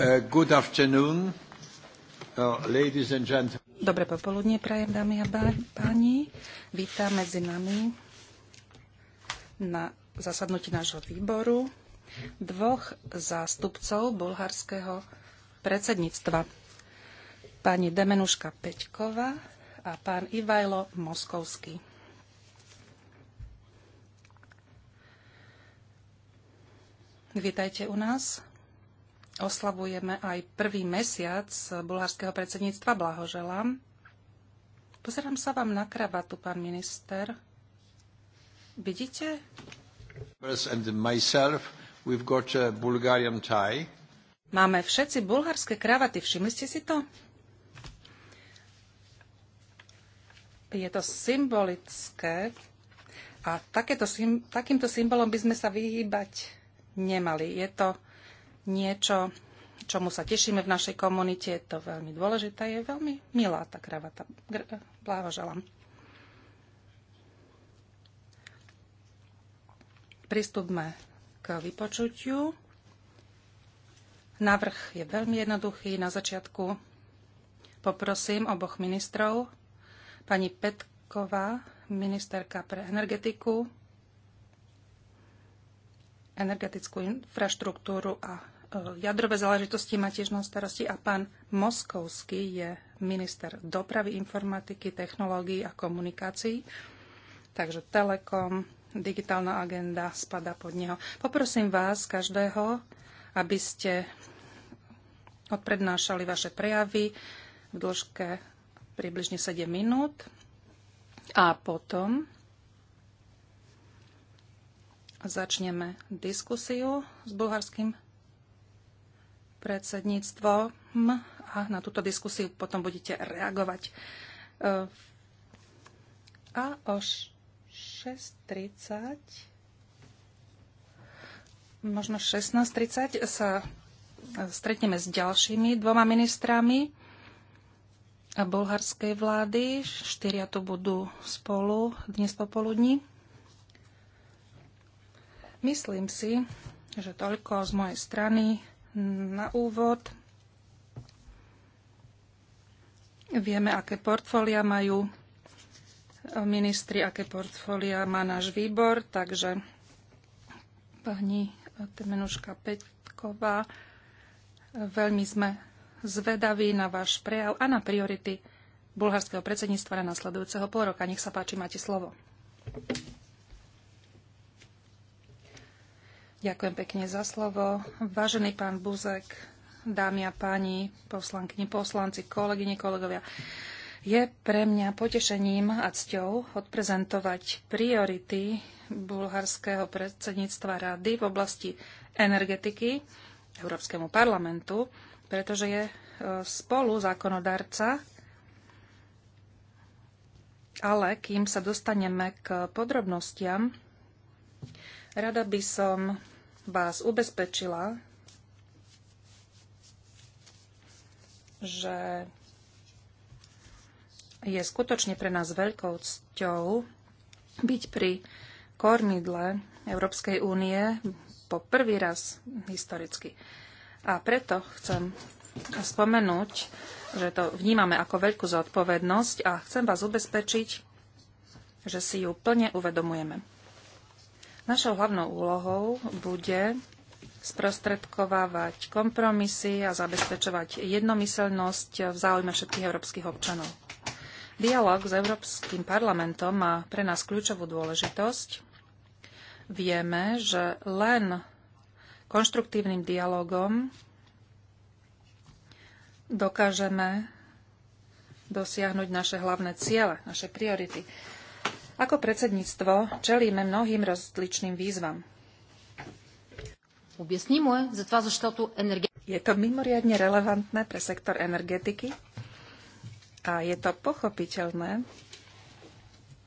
Uh, uh, Dobré popoludne prajem, dámy a páni. Vítam medzi nami na zasadnutí nášho výboru dvoch zástupcov bulharského predsedníctva. Pani Demenuška Peťková a pán Ivajlo Moskovský. Vítajte u nás oslavujeme aj prvý mesiac bulharského predsedníctva. Blahoželám. Pozerám sa vám na kravatu, pán minister. Vidíte? Máme všetci bulharské kravaty, všimli ste si to? Je to symbolické a takéto, takýmto symbolom by sme sa vyhýbať nemali. Je to niečo, čomu sa tešíme v našej komunite. Je to veľmi dôležité. Je veľmi milá tá kravata. Blahoželám. Pristupme k vypočutiu. Navrh je veľmi jednoduchý. Na začiatku poprosím oboch ministrov, pani Petková, ministerka pre energetiku, energetickú infraštruktúru a e, jadrové záležitosti má tiež na starosti a pán Moskovský je minister dopravy, informatiky, technológií a komunikácií. Takže Telekom, digitálna agenda spada pod neho. Poprosím vás, každého, aby ste odprednášali vaše prejavy v dĺžke približne 7 minút a potom začneme diskusiu s bulharským predsedníctvom a na túto diskusiu potom budete reagovať. E, a o 6.30 možno 16.30 sa stretneme s ďalšími dvoma ministrami bulharskej vlády. Štyria tu budú spolu dnes popoludní. Myslím si, že toľko z mojej strany na úvod. Vieme, aké portfólia majú ministri, aké portfólia má náš výbor, takže pani Temenuška Peťková, veľmi sme zvedaví na váš prejav a na priority bulharského predsedníctva na nasledujúceho pol roka. Nech sa páči, máte slovo. Ďakujem pekne za slovo. Vážený pán Buzek, dámy a páni, poslankyni, poslanci, kolegyne, kolegovia. Je pre mňa potešením a cťou odprezentovať priority bulharského predsedníctva rady v oblasti energetiky Európskemu parlamentu, pretože je e, spolu zákonodarca ale kým sa dostaneme k podrobnostiam, rada by som vás ubezpečila, že je skutočne pre nás veľkou cťou byť pri kormidle Európskej únie po prvý raz historicky. A preto chcem spomenúť, že to vnímame ako veľkú zodpovednosť a chcem vás ubezpečiť, že si ju plne uvedomujeme. Našou hlavnou úlohou bude sprostredkovávať kompromisy a zabezpečovať jednomyselnosť v záujme všetkých európskych občanov. Dialóg s Európskym parlamentom má pre nás kľúčovú dôležitosť. Vieme, že len konštruktívnym dialogom dokážeme dosiahnuť naše hlavné ciele, naše priority. Ako predsedníctvo čelíme mnohým rozličným výzvam. Je to mimoriadne relevantné pre sektor energetiky a je to pochopiteľné,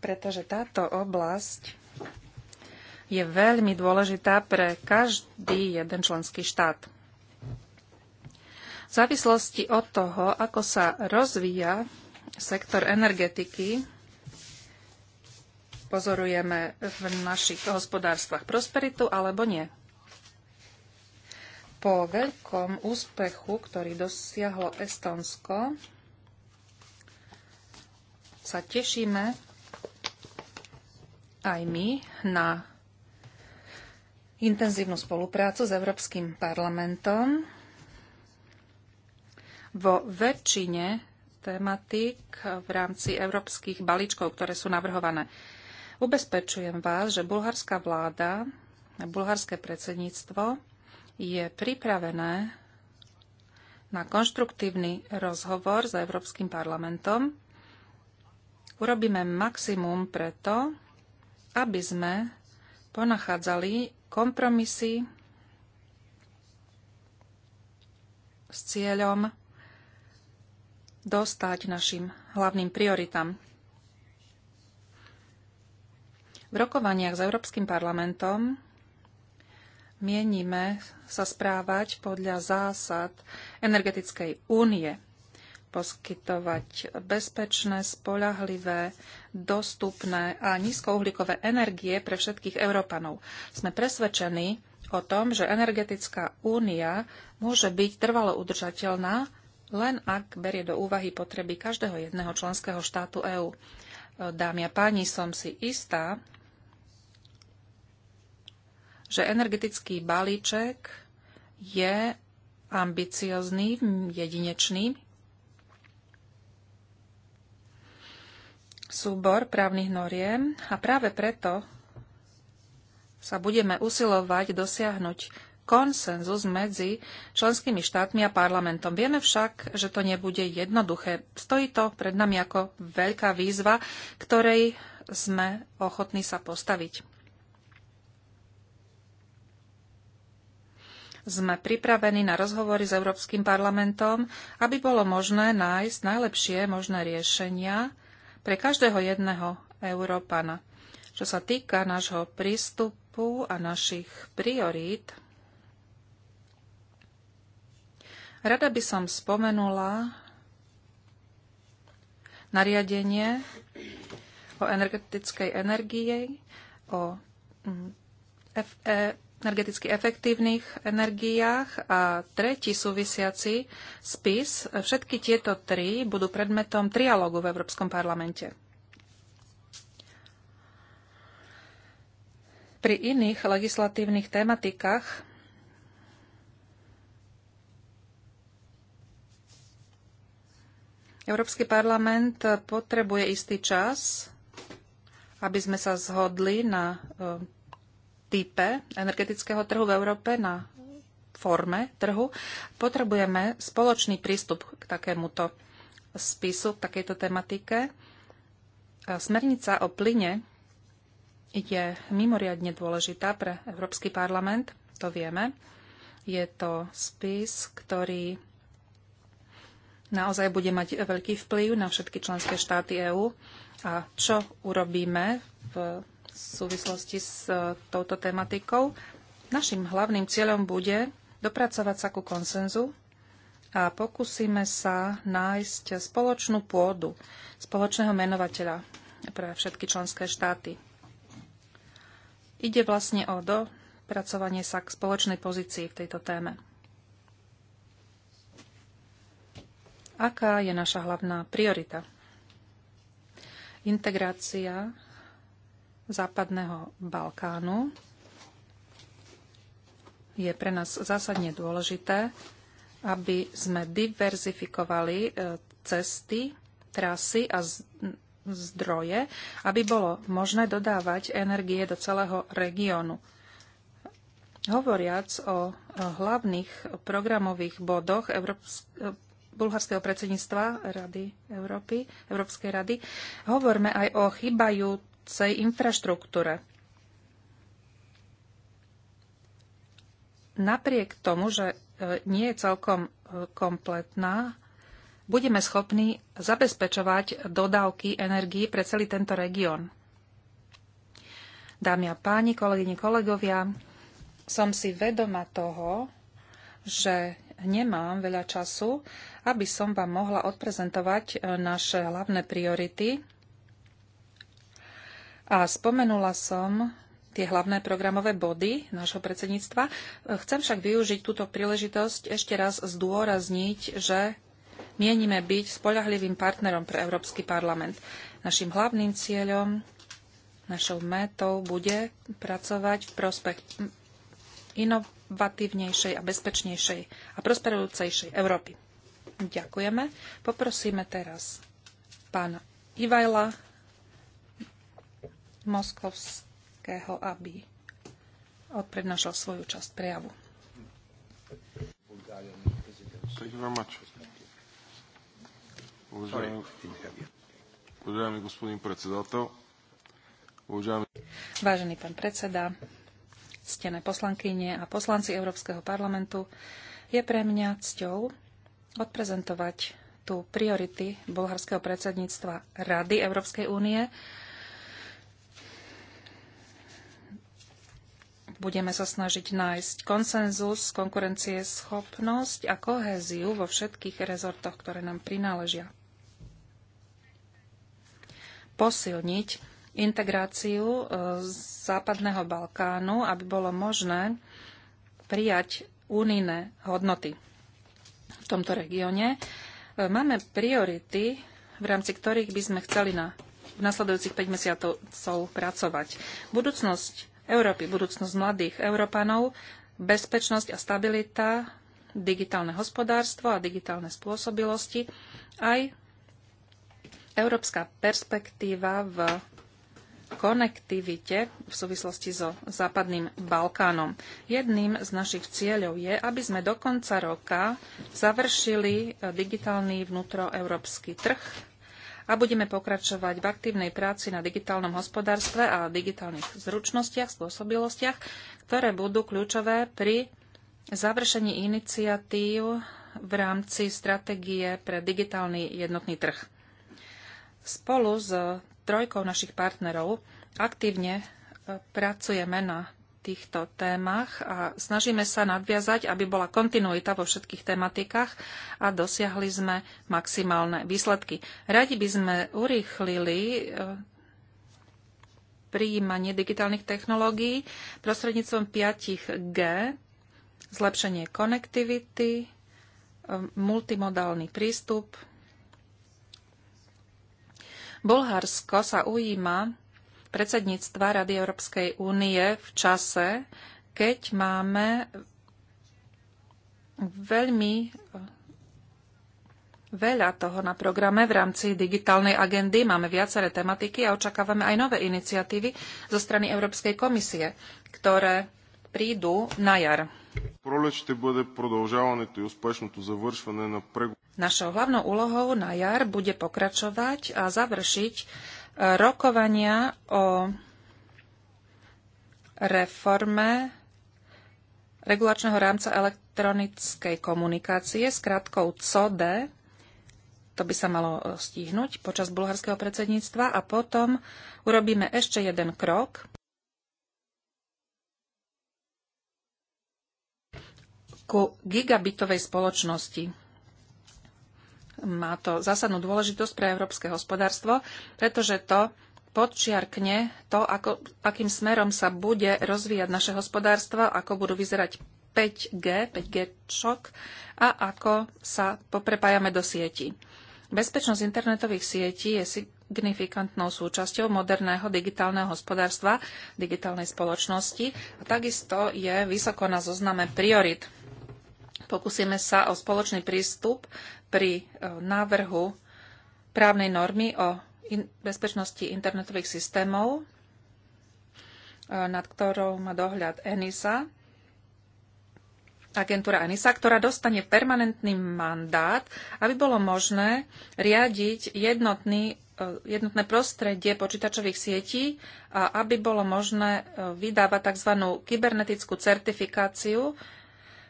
pretože táto oblasť je veľmi dôležitá pre každý jeden členský štát. V závislosti od toho, ako sa rozvíja sektor energetiky, pozorujeme v našich hospodárstvach prosperitu alebo nie. Po veľkom úspechu, ktorý dosiahlo Estonsko, sa tešíme aj my na intenzívnu spoluprácu s Európskym parlamentom vo väčšine tematík v rámci európskych balíčkov, ktoré sú navrhované. Ubezpečujem vás, že bulharská vláda a bulharské predsedníctvo je pripravené na konštruktívny rozhovor s Európskym parlamentom. Urobíme maximum preto, aby sme ponachádzali kompromisy s cieľom dostať našim hlavným prioritám. V rokovaniach s Európskym parlamentom mienime sa správať podľa zásad energetickej únie poskytovať bezpečné, spolahlivé, dostupné a nízkouhlíkové energie pre všetkých Európanov. Sme presvedčení o tom, že energetická únia môže byť trvalo udržateľná len ak berie do úvahy potreby každého jedného členského štátu EÚ. Dámy a páni, som si istá, že energetický balíček je ambiciozný, jedinečný. súbor právnych noriem a práve preto sa budeme usilovať dosiahnuť konsenzus medzi členskými štátmi a parlamentom. Vieme však, že to nebude jednoduché. Stojí to pred nami ako veľká výzva, ktorej sme ochotní sa postaviť. sme pripravení na rozhovory s Európskym parlamentom, aby bolo možné nájsť najlepšie možné riešenia pre každého jedného Európana. Čo sa týka nášho prístupu a našich priorít, rada by som spomenula nariadenie o energetickej energii, o mm, FE energeticky efektívnych energiách a tretí súvisiaci spis. Všetky tieto tri budú predmetom trialógu v Európskom parlamente. Pri iných legislatívnych tematikách Európsky parlament potrebuje istý čas, aby sme sa zhodli na e, type energetického trhu v Európe, na forme trhu, potrebujeme spoločný prístup k takémuto spisu, k takejto tematike. Smernica o plyne je mimoriadne dôležitá pre Európsky parlament, to vieme. Je to spis, ktorý naozaj bude mať veľký vplyv na všetky členské štáty EÚ. A čo urobíme v v súvislosti s e, touto tematikou. Našim hlavným cieľom bude dopracovať sa ku konsenzu a pokúsime sa nájsť spoločnú pôdu, spoločného menovateľa pre všetky členské štáty. Ide vlastne o dopracovanie sa k spoločnej pozícii v tejto téme. Aká je naša hlavná priorita? Integrácia Západného Balkánu je pre nás zásadne dôležité, aby sme diverzifikovali e, cesty, trasy a zdroje, aby bolo možné dodávať energie do celého regiónu. Hovoriac o hlavných programových bodoch e, bulharského predsedníctva Rady Európy, Európskej rady, hovorme aj o chybajú rastúcej infraštruktúre. Napriek tomu, že e, nie je celkom e, kompletná, budeme schopní zabezpečovať dodávky energii pre celý tento región. Dámy a páni, kolegyne, kolegovia, som si vedoma toho, že nemám veľa času, aby som vám mohla odprezentovať e, naše hlavné priority a spomenula som tie hlavné programové body nášho predsedníctva. Chcem však využiť túto príležitosť ešte raz zdôrazniť, že mienime byť spoľahlivým partnerom pre Európsky parlament. Našim hlavným cieľom, našou metou bude pracovať v prospech inovatívnejšej a bezpečnejšej a prosperujúcejšej Európy. Ďakujeme. Poprosíme teraz pána Ivajla Moskovského, aby odprednášal svoju časť prejavu. Thank you very much. Vážený pán predseda, stené poslankyne a poslanci Európskeho parlamentu, je pre mňa cťou odprezentovať tu priority bulharského predsedníctva Rady Európskej únie budeme sa snažiť nájsť konsenzus, konkurencieschopnosť a kohéziu vo všetkých rezortoch, ktoré nám prináležia. Posilniť integráciu e, Západného Balkánu, aby bolo možné prijať unijné hodnoty v tomto regióne. E, máme priority, v rámci ktorých by sme chceli na v nasledujúcich 5 mesiacov pracovať. Budúcnosť Európy, budúcnosť mladých Európanov, bezpečnosť a stabilita, digitálne hospodárstvo a digitálne spôsobilosti, aj európska perspektíva v konektivite v súvislosti so Západným Balkánom. Jedným z našich cieľov je, aby sme do konca roka završili digitálny vnútroeurópsky trh a budeme pokračovať v aktívnej práci na digitálnom hospodárstve a digitálnych zručnostiach, spôsobilostiach, ktoré budú kľúčové pri završení iniciatív v rámci stratégie pre digitálny jednotný trh. Spolu s trojkou našich partnerov aktívne e, pracujeme na týchto témach a snažíme sa nadviazať, aby bola kontinuita vo všetkých tematikách a dosiahli sme maximálne výsledky. Radi by sme urýchlili eh, prijímanie digitálnych technológií prostredníctvom 5G, zlepšenie konektivity, eh, multimodálny prístup. Bulharsko sa ujíma predsedníctva Rady Európskej únie v čase, keď máme veľmi veľa toho na programe v rámci digitálnej agendy. Máme viaceré tematiky a očakávame aj nové iniciatívy zo strany Európskej komisie, ktoré prídu na jar. Našou hlavnou úlohou na jar bude pokračovať a završiť Rokovania o reforme regulačného rámca elektronickej komunikácie s krátkou CODE, to by sa malo e, stihnúť počas bulharského predsedníctva a potom urobíme ešte jeden krok ku gigabitovej spoločnosti. Má to zásadnú dôležitosť pre európske hospodárstvo, pretože to podčiarkne to, ako, akým smerom sa bude rozvíjať naše hospodárstvo, ako budú vyzerať 5G, 5G šok a ako sa poprepájame do sieti. Bezpečnosť internetových sietí je signifikantnou súčasťou moderného digitálneho hospodárstva, digitálnej spoločnosti a takisto je vysoko na zozname priorit Pokúsime sa o spoločný prístup pri e, návrhu právnej normy o bezpečnosti internetových systémov, e, nad ktorou má dohľad ENISA, agentúra ENISA, ktorá dostane permanentný mandát, aby bolo možné riadiť jednotný, e, jednotné prostredie počítačových sietí a aby bolo možné vydávať tzv. kybernetickú certifikáciu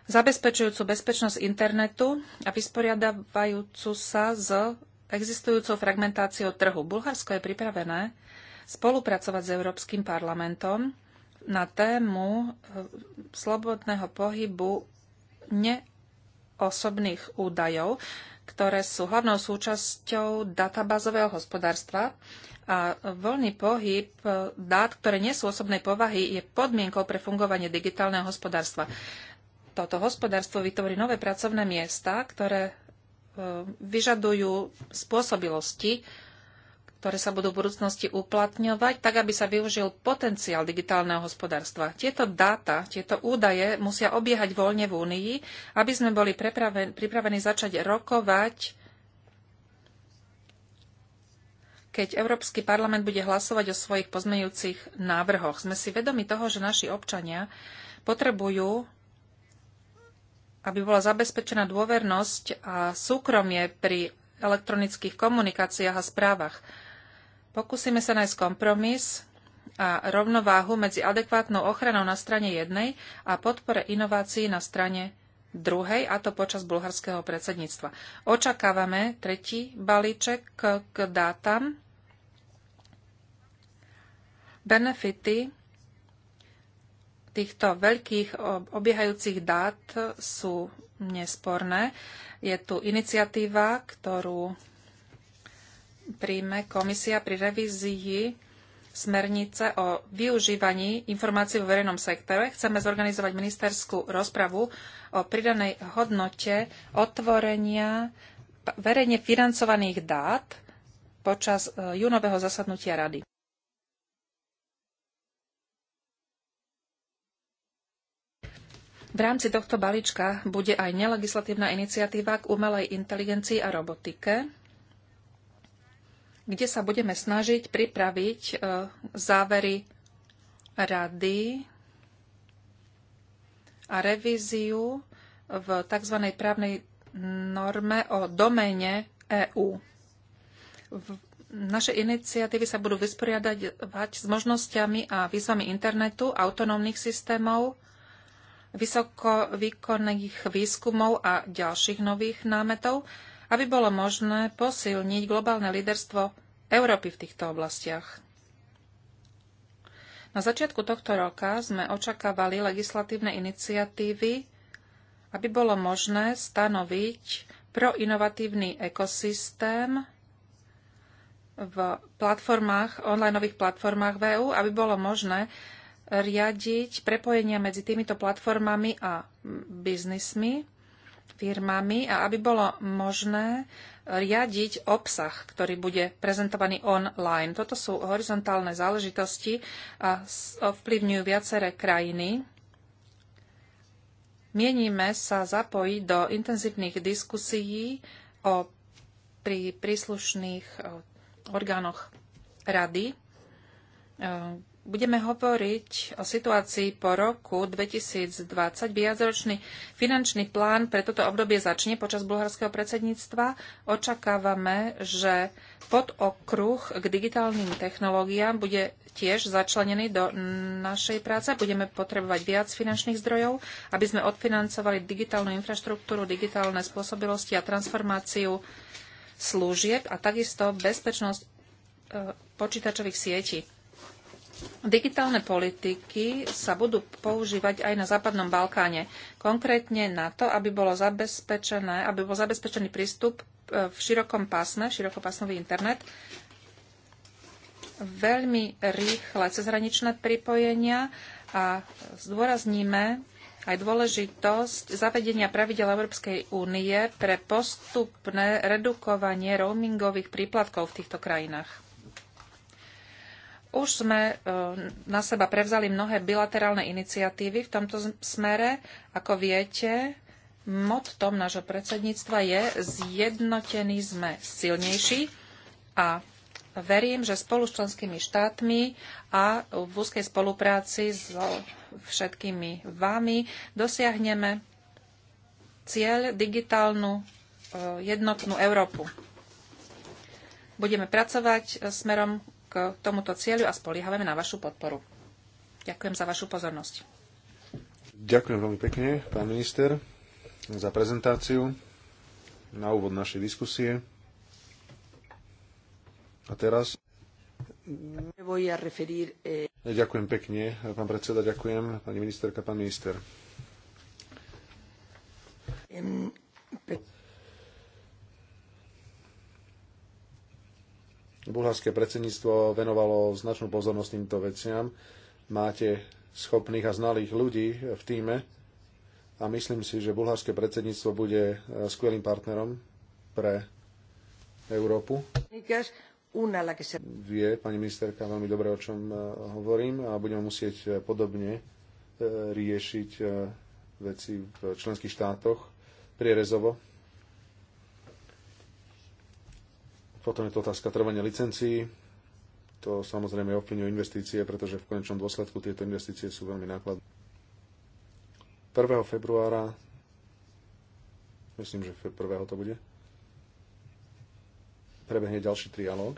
zabezpečujúcu bezpečnosť internetu a vysporiadavajúcu sa s existujúcou fragmentáciou trhu. Bulharsko je pripravené spolupracovať s Európskym parlamentom na tému e, slobodného pohybu neosobných údajov, ktoré sú hlavnou súčasťou databázového hospodárstva. A voľný pohyb e, dát, ktoré nie sú osobnej povahy, je podmienkou pre fungovanie digitálneho hospodárstva toto hospodárstvo vytvorí nové pracovné miesta, ktoré e, vyžadujú spôsobilosti, ktoré sa budú v budúcnosti uplatňovať, tak aby sa využil potenciál digitálneho hospodárstva. Tieto dáta, tieto údaje musia obiehať voľne v Únii, aby sme boli pripravení začať rokovať, keď Európsky parlament bude hlasovať o svojich pozmejúcich návrhoch. Sme si vedomi toho, že naši občania potrebujú aby bola zabezpečená dôvernosť a súkromie pri elektronických komunikáciách a správach. Pokúsime sa nájsť kompromis a rovnováhu medzi adekvátnou ochranou na strane jednej a podpore inovácií na strane druhej, a to počas bulharského predsedníctva. Očakávame tretí balíček k, k dátam. Benefity týchto veľkých obiehajúcich dát sú nesporné. Je tu iniciatíva, ktorú príjme komisia pri revízii smernice o využívaní informácií vo verejnom sektore. Chceme zorganizovať ministerskú rozpravu o pridanej hodnote otvorenia verejne financovaných dát počas e, júnového zasadnutia rady. V rámci tohto balíčka bude aj nelegislatívna iniciatíva k umelej inteligencii a robotike, kde sa budeme snažiť pripraviť e, závery rady a revíziu v tzv. právnej norme o doméne EÚ. Naše iniciatívy sa budú vysporiadať s možnosťami a výzvami internetu, autonómnych systémov, vysokovýkonných výskumov a ďalších nových námetov, aby bolo možné posilniť globálne líderstvo Európy v týchto oblastiach. Na začiatku tohto roka sme očakávali legislatívne iniciatívy, aby bolo možné stanoviť proinovatívny ekosystém v platformách, onlineových platformách VÚ, e aby bolo možné riadiť prepojenia medzi týmito platformami a biznismi, firmami a aby bolo možné riadiť obsah, ktorý bude prezentovaný online. Toto sú horizontálne záležitosti a ovplyvňujú viaceré krajiny. Mienime sa zapojiť do intenzívnych diskusií o, pri príslušných eh, orgánoch rady, eh, budeme hovoriť o situácii po roku 2020. Viacročný finančný plán pre toto obdobie začne počas bulharského predsedníctva. Očakávame, že pod okruh k digitálnym technológiám bude tiež začlenený do našej práce. Budeme potrebovať viac finančných zdrojov, aby sme odfinancovali digitálnu infraštruktúru, digitálne spôsobilosti a transformáciu služieb a takisto bezpečnosť e, počítačových sietí. Digitálne politiky sa budú používať aj na Západnom Balkáne, konkrétne na to, aby, bolo zabezpečené, aby bol zabezpečený prístup e, v širokom pásme, širokopásmový internet, veľmi rýchle cezhraničné pripojenia a zdôrazníme aj dôležitosť zavedenia pravidel Európskej únie pre postupné redukovanie roamingových príplatkov v týchto krajinách. Už sme e, na seba prevzali mnohé bilaterálne iniciatívy v tomto smere. Ako viete, tom nášho predsedníctva je zjednotení sme silnejší a verím, že spolu s členskými štátmi a v úzkej spolupráci s všetkými vami dosiahneme cieľ digitálnu e, jednotnú Európu. Budeme pracovať e, smerom tomuto cieľu a spoliehame na vašu podporu. Ďakujem za vašu pozornosť. Ďakujem veľmi pekne, pán minister, za prezentáciu na úvod našej diskusie. A teraz... Eh, ďakujem pekne, pán predseda, ďakujem, pani ministerka, pán minister. Bulharské predsedníctvo venovalo značnú pozornosť týmto veciam. Máte schopných a znalých ľudí v týme a myslím si, že bulharské predsedníctvo bude e, skvelým partnerom pre Európu. Vie pani ministerka veľmi dobre, o čom e, hovorím a budeme musieť e, podobne riešiť veci v členských štátoch prierezovo Potom je to otázka trvania licencií. To samozrejme ovplyvňuje investície, pretože v konečnom dôsledku tieto investície sú veľmi nákladné. 1. februára, myslím, že 1. to bude, prebehne ďalší trialóg,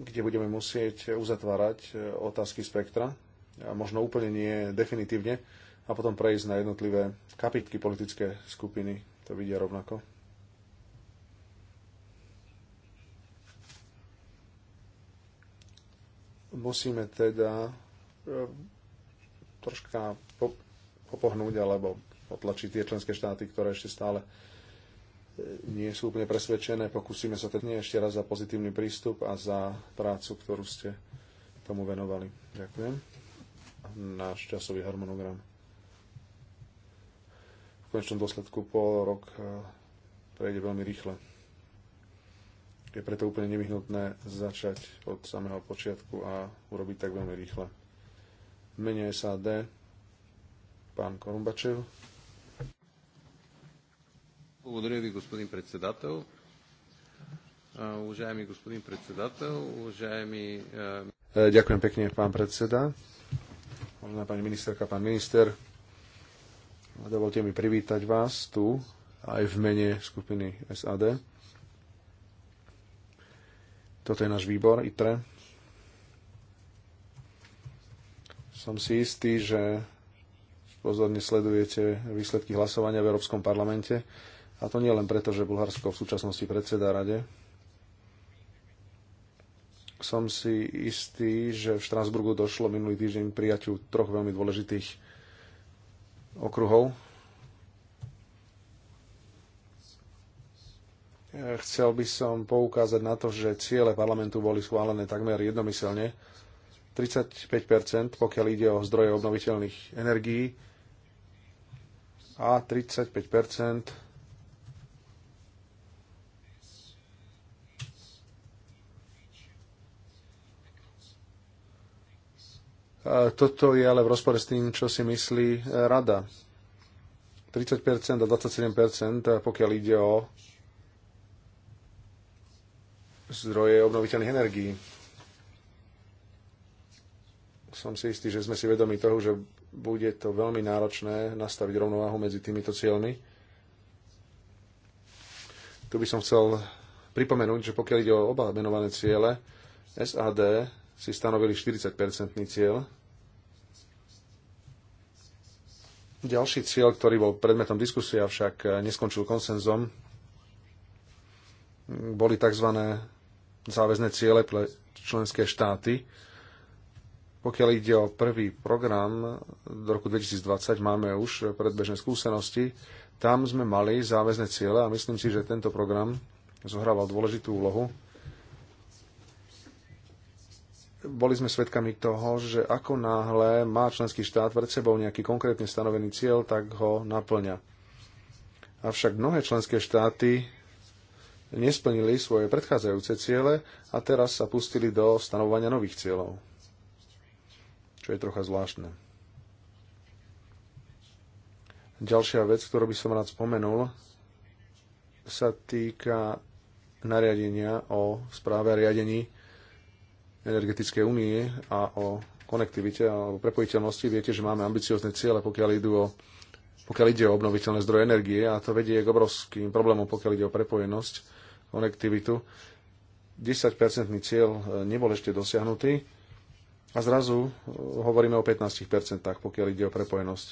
kde budeme musieť uzatvárať e, otázky spektra, a možno úplne nie definitívne, a potom prejsť na jednotlivé kapitky politické skupiny. To vidia rovnako. Musíme teda e, troška popohnúť alebo potlačiť tie členské štáty, ktoré ešte stále e, nie sú úplne presvedčené. Pokúsime sa teda ešte raz za pozitívny prístup a za prácu, ktorú ste tomu venovali. Ďakujem. Náš časový harmonogram. V konečnom dôsledku pol rok e, prejde veľmi rýchle. Je preto úplne nevyhnutné začať od samého počiatku a urobiť tak veľmi rýchle. Mene SAD, pán Korumbačev. Благодаря ви, господин председател. Уважаеми господин predsedateľ, уважаеми... Ďakujem pekne, pán predseda. Vážená pani ministerka, pán minister, dovolte mi privítať vás tu aj v mene skupiny SAD toto je náš výbor ITRE. Som si istý, že pozorne sledujete výsledky hlasovania v Európskom parlamente. A to nie len preto, že Bulharsko v súčasnosti predseda rade. Som si istý, že v Štrásburgu došlo minulý týždeň prijaťu troch veľmi dôležitých okruhov Chcel by som poukázať na to, že ciele parlamentu boli schválené takmer jednomyselne. 35 pokiaľ ide o zdroje obnoviteľných energií a 35 Toto je ale v rozpore s tým, čo si myslí eh, rada. 30% a 27%, eh, pokiaľ ide o zdroje obnoviteľných energií. Som si istý, že sme si vedomi toho, že bude to veľmi náročné nastaviť rovnováhu medzi týmito cieľmi. Tu by som chcel pripomenúť, že pokiaľ ide o oba menované ciele, SAD si stanovili 40-percentný cieľ. Ďalší cieľ, ktorý bol predmetom diskusie, avšak neskončil konsenzom, boli tzv záväzné ciele pre členské štáty. Pokiaľ ide o prvý program do roku 2020, máme už predbežné skúsenosti. Tam sme mali záväzné ciele a myslím si, že tento program zohrával dôležitú úlohu. Boli sme svedkami toho, že ako náhle má členský štát pred sebou nejaký konkrétne stanovený cieľ, tak ho naplňa. Avšak mnohé členské štáty nesplnili svoje predchádzajúce ciele a teraz sa pustili do stanovania nových cieľov. Čo je trocha zvláštne. Ďalšia vec, ktorú by som rád spomenul, sa týka nariadenia o správe a riadení energetickej únie a o konektivite alebo prepojiteľnosti. Viete, že máme ambiciozne ciele, pokiaľ, idú o, pokiaľ ide o obnoviteľné zdroje energie a to vedie k obrovským problémom, pokiaľ ide o prepojenosť konektivitu. 10-percentný cieľ e, nebol ešte dosiahnutý a zrazu e, hovoríme o 15%, pokiaľ ide o prepojenosť.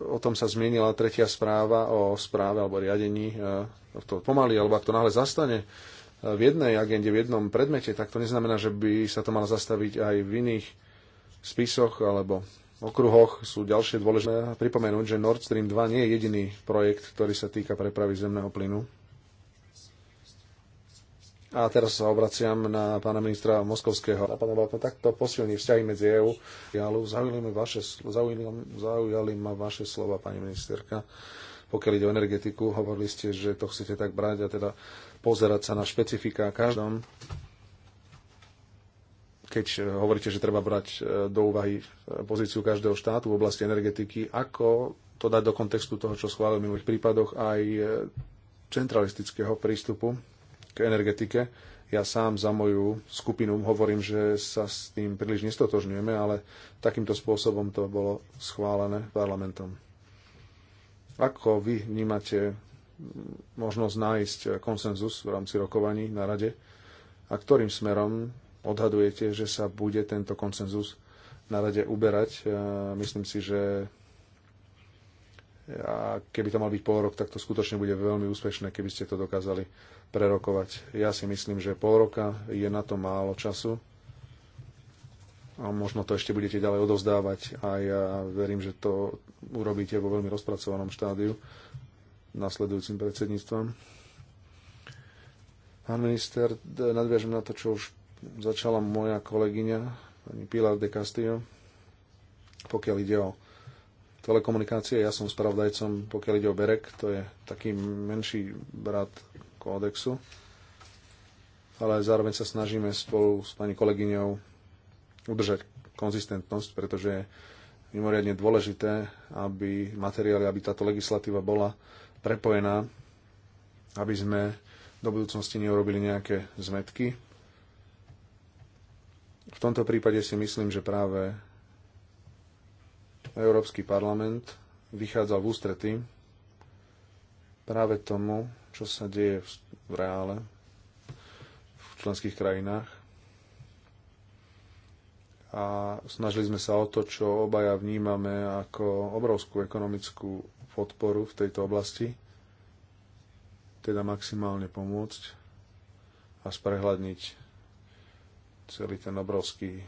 O tom sa zmienila tretia správa o správe alebo riadení e, to pomaly, alebo ak to náhle zastane v jednej agende, v jednom predmete, tak to neznamená, že by sa to malo zastaviť aj v iných spisoch alebo okruhoch sú ďalšie dôležité. Pripomenúť, že Nord Stream 2 nie je jediný projekt, ktorý sa týka prepravy zemného plynu. A teraz sa obraciam na pána ministra Moskovského. Pána Balko, takto posilní vzťahy medzi EÚ. Zaujali, ma vaše, zaujali, zaujali ma vaše slova, pani ministerka. Pokiaľ ide o energetiku, hovorili ste, že to chcete tak brať a teda pozerať sa na špecifika každom keď eh, hovoríte, že treba brať eh, do úvahy eh, pozíciu každého štátu v oblasti energetiky, ako to dať do kontextu toho, čo schválil v minulých prípadoch aj centralistického prístupu k energetike. Ja sám za moju skupinu hovorím, že sa s tým príliš nestotožňujeme, ale takýmto spôsobom to bolo schválené parlamentom. Ako vy vnímate možnosť nájsť konsenzus v rámci rokovaní na rade a ktorým smerom odhadujete, že sa bude tento konsenzus na rade uberať. E, myslím si, že e, a keby to mal byť pol rok, tak to skutočne bude veľmi úspešné, keby ste to dokázali prerokovať. Ja si myslím, že pol roka je na to málo času a možno to ešte budete ďalej odovzdávať a ja verím, že to urobíte vo veľmi rozpracovanom štádiu nasledujúcim predsedníctvom. Pán minister, nadviažem na to, čo už začala moja kolegyňa, pani Pilar de Castillo, pokiaľ ide o telekomunikácie, ja som spravodajcom, pokiaľ ide o Berek, to je taký menší brat kódexu, ale zároveň sa snažíme spolu s pani kolegyňou udržať konzistentnosť, pretože je mimoriadne dôležité, aby materiály, aby táto legislatíva bola prepojená, aby sme do budúcnosti neurobili nejaké zmetky v tomto prípade si myslím, že práve Európsky parlament vychádzal v ústrety práve tomu, čo sa deje v reále v členských krajinách. A snažili sme sa o to, čo obaja vnímame ako obrovskú ekonomickú podporu v tejto oblasti, teda maximálne pomôcť a sprehľadniť celý ten obrovský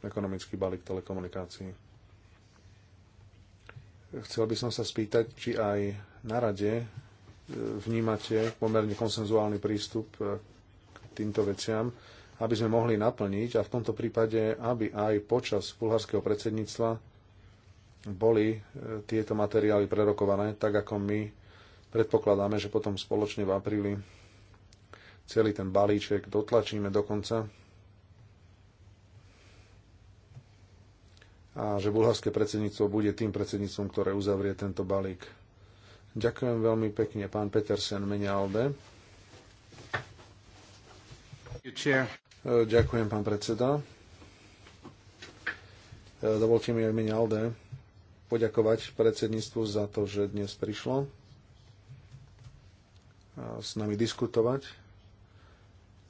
ekonomický balík telekomunikácií. Chcel by som sa spýtať, či aj na rade e, vnímate pomerne konsenzuálny prístup e, k týmto veciam, aby sme mohli naplniť a v tomto prípade, aby aj počas bulharského predsedníctva boli e, tieto materiály prerokované, tak ako my predpokladáme, že potom spoločne v apríli celý ten balíček dotlačíme do konca a že bulharské predsedníctvo bude tým predsedníctvom, ktoré uzavrie tento balík. Ďakujem veľmi pekne, pán Petersen, mene Alde. Ďakujem, pán predseda. E, dovolte mi aj mene Alde poďakovať predsedníctvu za to, že dnes prišlo e, s nami diskutovať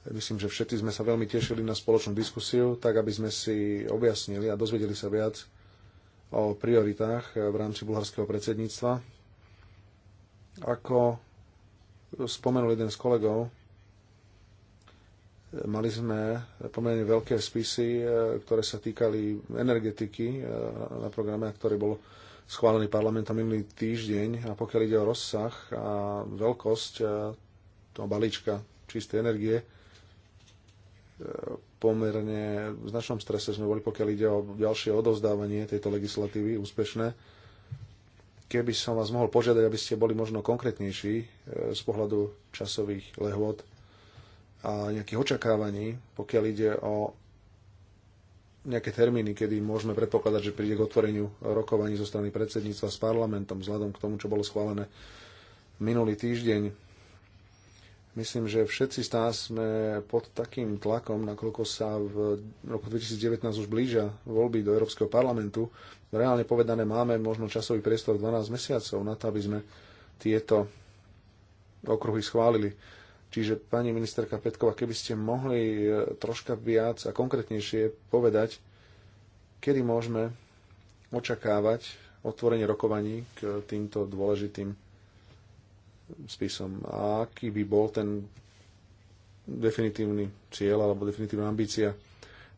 Myslím, že všetci sme sa veľmi tešili na spoločnú diskusiu, tak aby sme si objasnili a dozvedeli sa viac o prioritách v rámci bulharského predsedníctva. Ako spomenul jeden z kolegov, mali sme pomerne veľké spisy, e, ktoré sa týkali energetiky e, na programe, ktorý bol schválený parlamentom minulý týždeň. A pokiaľ ide o rozsah a veľkosť e, toho balíčka čistej energie, pomerne v značnom strese sme boli, pokiaľ ide o ďalšie odovzdávanie tejto legislatívy úspešné. Keby som vás mohol požiadať, aby ste boli možno konkrétnejší e, z pohľadu časových lehôd a nejakých očakávaní, pokiaľ ide o nejaké termíny, kedy môžeme predpokladať, že príde k otvoreniu rokovaní zo strany predsedníctva s parlamentom, vzhľadom k tomu, čo bolo schválené minulý týždeň Myslím, že všetci z nás sme pod takým tlakom, nakoľko sa v roku 2019 už blížia voľby do Európskeho parlamentu. Reálne povedané, máme možno časový priestor 12 mesiacov na to, aby sme tieto okruhy schválili. Čiže, pani ministerka Petková, keby ste mohli e, troška viac a konkrétnejšie povedať, kedy môžeme očakávať otvorenie rokovaní k týmto dôležitým spisom a aký by bol ten definitívny cieľ alebo definitívna ambícia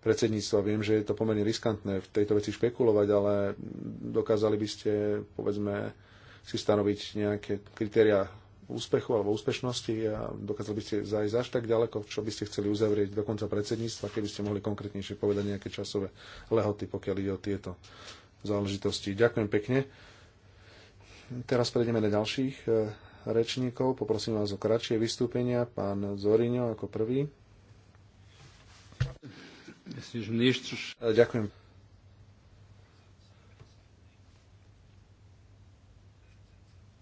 predsedníctva. Viem, že je to pomerne riskantné v tejto veci špekulovať, ale dokázali by ste, povedzme, si stanoviť nejaké kritéria úspechu alebo úspešnosti a dokázali by ste zájsť až tak ďaleko, čo by ste chceli uzavrieť do konca predsedníctva, keby ste mohli konkrétnejšie povedať nejaké časové lehoty, pokiaľ ide o tieto záležitosti. Ďakujem pekne. Teraz prejdeme na ďalších eh, rečníkov. Poprosím vás o kratšie vystúpenia. Pán Zoriňo ako prvý. Ďakujem.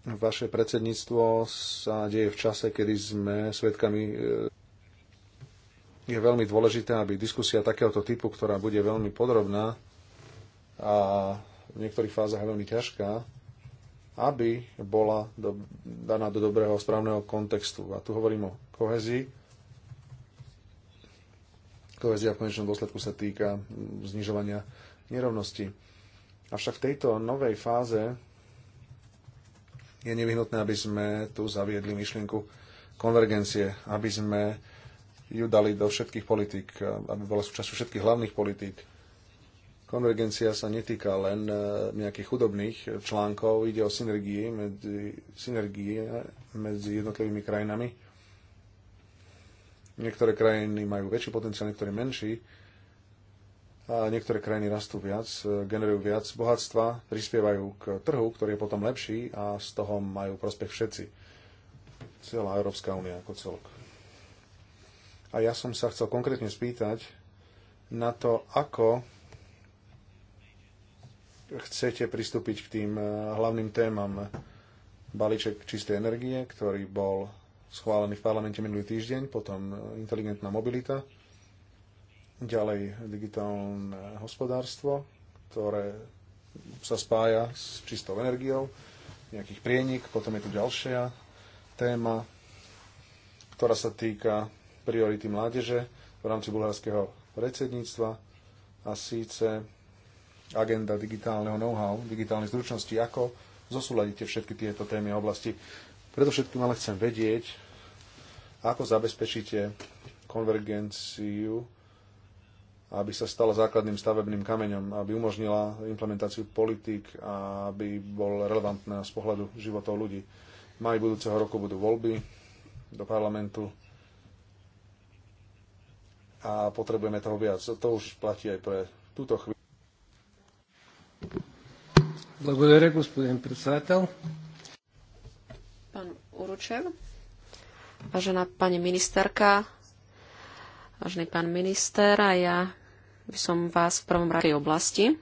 Vaše predsedníctvo sa deje v čase, kedy sme svedkami e, je veľmi dôležité, aby diskusia takéhoto typu, ktorá bude veľmi podrobná a v niektorých fázach veľmi ťažká, aby bola do, daná do dobrého správneho kontextu. A tu hovorím o kohezii. Kohezia v konečnom dôsledku sa týka znižovania nerovnosti. Avšak v tejto novej fáze je nevyhnutné, aby sme tu zaviedli myšlienku konvergencie, aby sme ju dali do všetkých politík, aby bola súčasťou všetkých hlavných politík. Konvergencia sa netýka len e, nejakých chudobných článkov, ide o synergie medzi, synergie medzi jednotlivými krajinami. Niektoré krajiny majú väčší potenciál, niektoré menší. A niektoré krajiny rastú viac, e, generujú viac bohatstva, prispievajú k trhu, ktorý je potom lepší a z toho majú prospech všetci. Celá Európska únia ako celok. A ja som sa chcel konkrétne spýtať na to, ako chcete pristúpiť k tým e, hlavným témam balíček čistej energie, ktorý bol schválený v parlamente minulý týždeň, potom e, inteligentná mobilita, ďalej digitálne hospodárstvo, ktoré sa spája s čistou energiou, nejakých prienik, potom je tu ďalšia téma, ktorá sa týka priority mládeže v rámci bulharského predsedníctva a síce agenda digitálneho know-how, digitálnej zručnosti, ako zosúladíte všetky tieto témy a oblasti. Predovšetkým ale chcem vedieť, ako zabezpečíte konvergenciu, aby sa stala základným stavebným kameňom, aby umožnila implementáciu politik a aby bol relevantná z pohľadu životov ľudí. V budúceho roku budú voľby do parlamentu a potrebujeme toho viac. To už platí aj pre túto chvíľu. Благодаря, господин председател. vážená pani ministerka, vážený pán minister, a ja by som vás v prvom rade oblasti.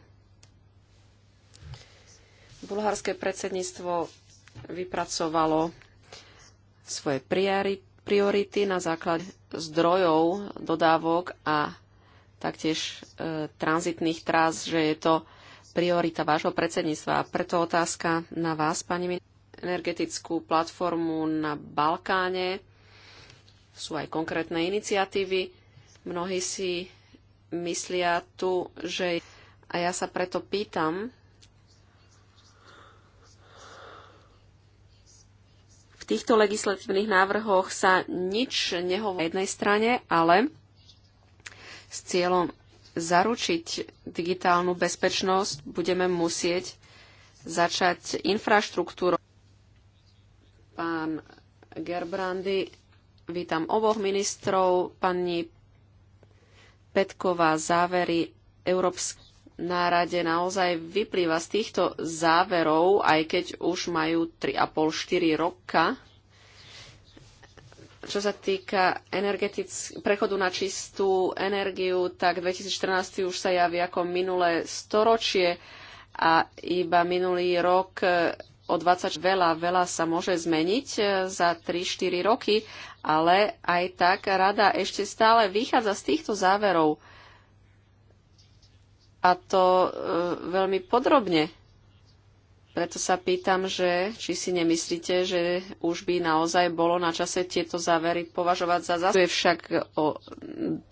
Bulharské predsedníctvo vypracovalo svoje priority na základe zdrojov, dodávok a taktiež e, tranzitných trás, že je to priorita vášho predsedníctva. Preto otázka na vás, pani energetickú platformu na Balkáne. Sú aj konkrétne iniciatívy. Mnohí si myslia tu, že... A ja sa preto pýtam, v týchto legislatívnych návrhoch sa nič nehovorí na jednej strane, ale s cieľom zaručiť digitálnu bezpečnosť, budeme musieť začať infraštruktúru. Pán Gerbrandy, vítam oboch ministrov, pani Petková závery Európskej nárade naozaj vyplýva z týchto záverov, aj keď už majú 3,5-4 roka čo sa týka prechodu na čistú energiu, tak 2014 už sa javí ako minulé storočie a iba minulý rok e, o 20 veľa, veľa sa môže zmeniť e, za 3-4 roky, ale aj tak rada ešte stále vychádza z týchto záverov. A to e, veľmi podrobne. Preto sa pýtam, že či si nemyslíte, že už by naozaj bolo na čase tieto závery považovať za zase. Je však o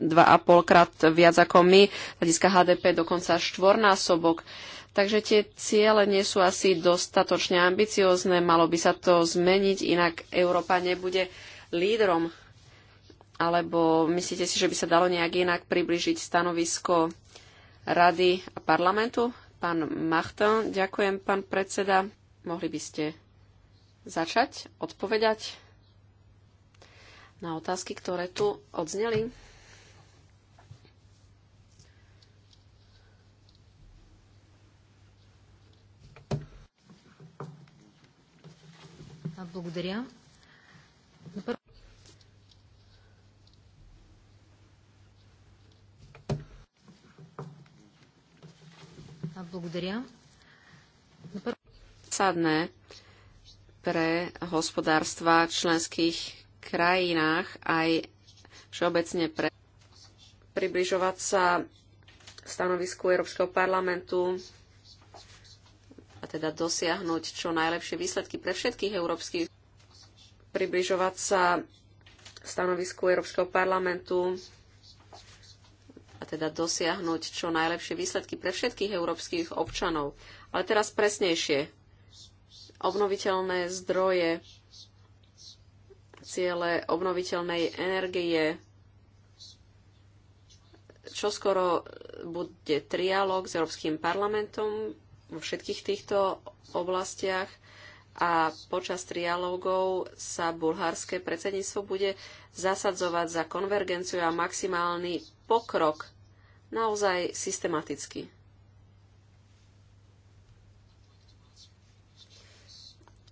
2,5 krát viac ako my, hľadiska HDP dokonca štvornásobok. Takže tie ciele nie sú asi dostatočne ambiciozne, malo by sa to zmeniť, inak Európa nebude lídrom. Alebo myslíte si, že by sa dalo nejak inak približiť stanovisko Rady a parlamentu Pán Machton, ďakujem, pán predseda. Mohli by ste začať odpovedať na otázky, ktoré tu odzneli? Благодаря. Благодаря. pre hospodárstva v členských krajinách aj všeobecne pre približovať sa stanovisku Európskeho parlamentu a teda dosiahnuť čo najlepšie výsledky pre všetkých európskych približovať sa stanovisku Európskeho parlamentu a teda dosiahnuť čo najlepšie výsledky pre všetkých európskych občanov. Ale teraz presnejšie. Obnoviteľné zdroje, ciele obnoviteľnej energie, čo skoro bude trialog s Európskym parlamentom vo všetkých týchto oblastiach a počas trialógov sa bulharské predsedníctvo bude zasadzovať za konvergenciu a maximálny pokrok naozaj systematicky.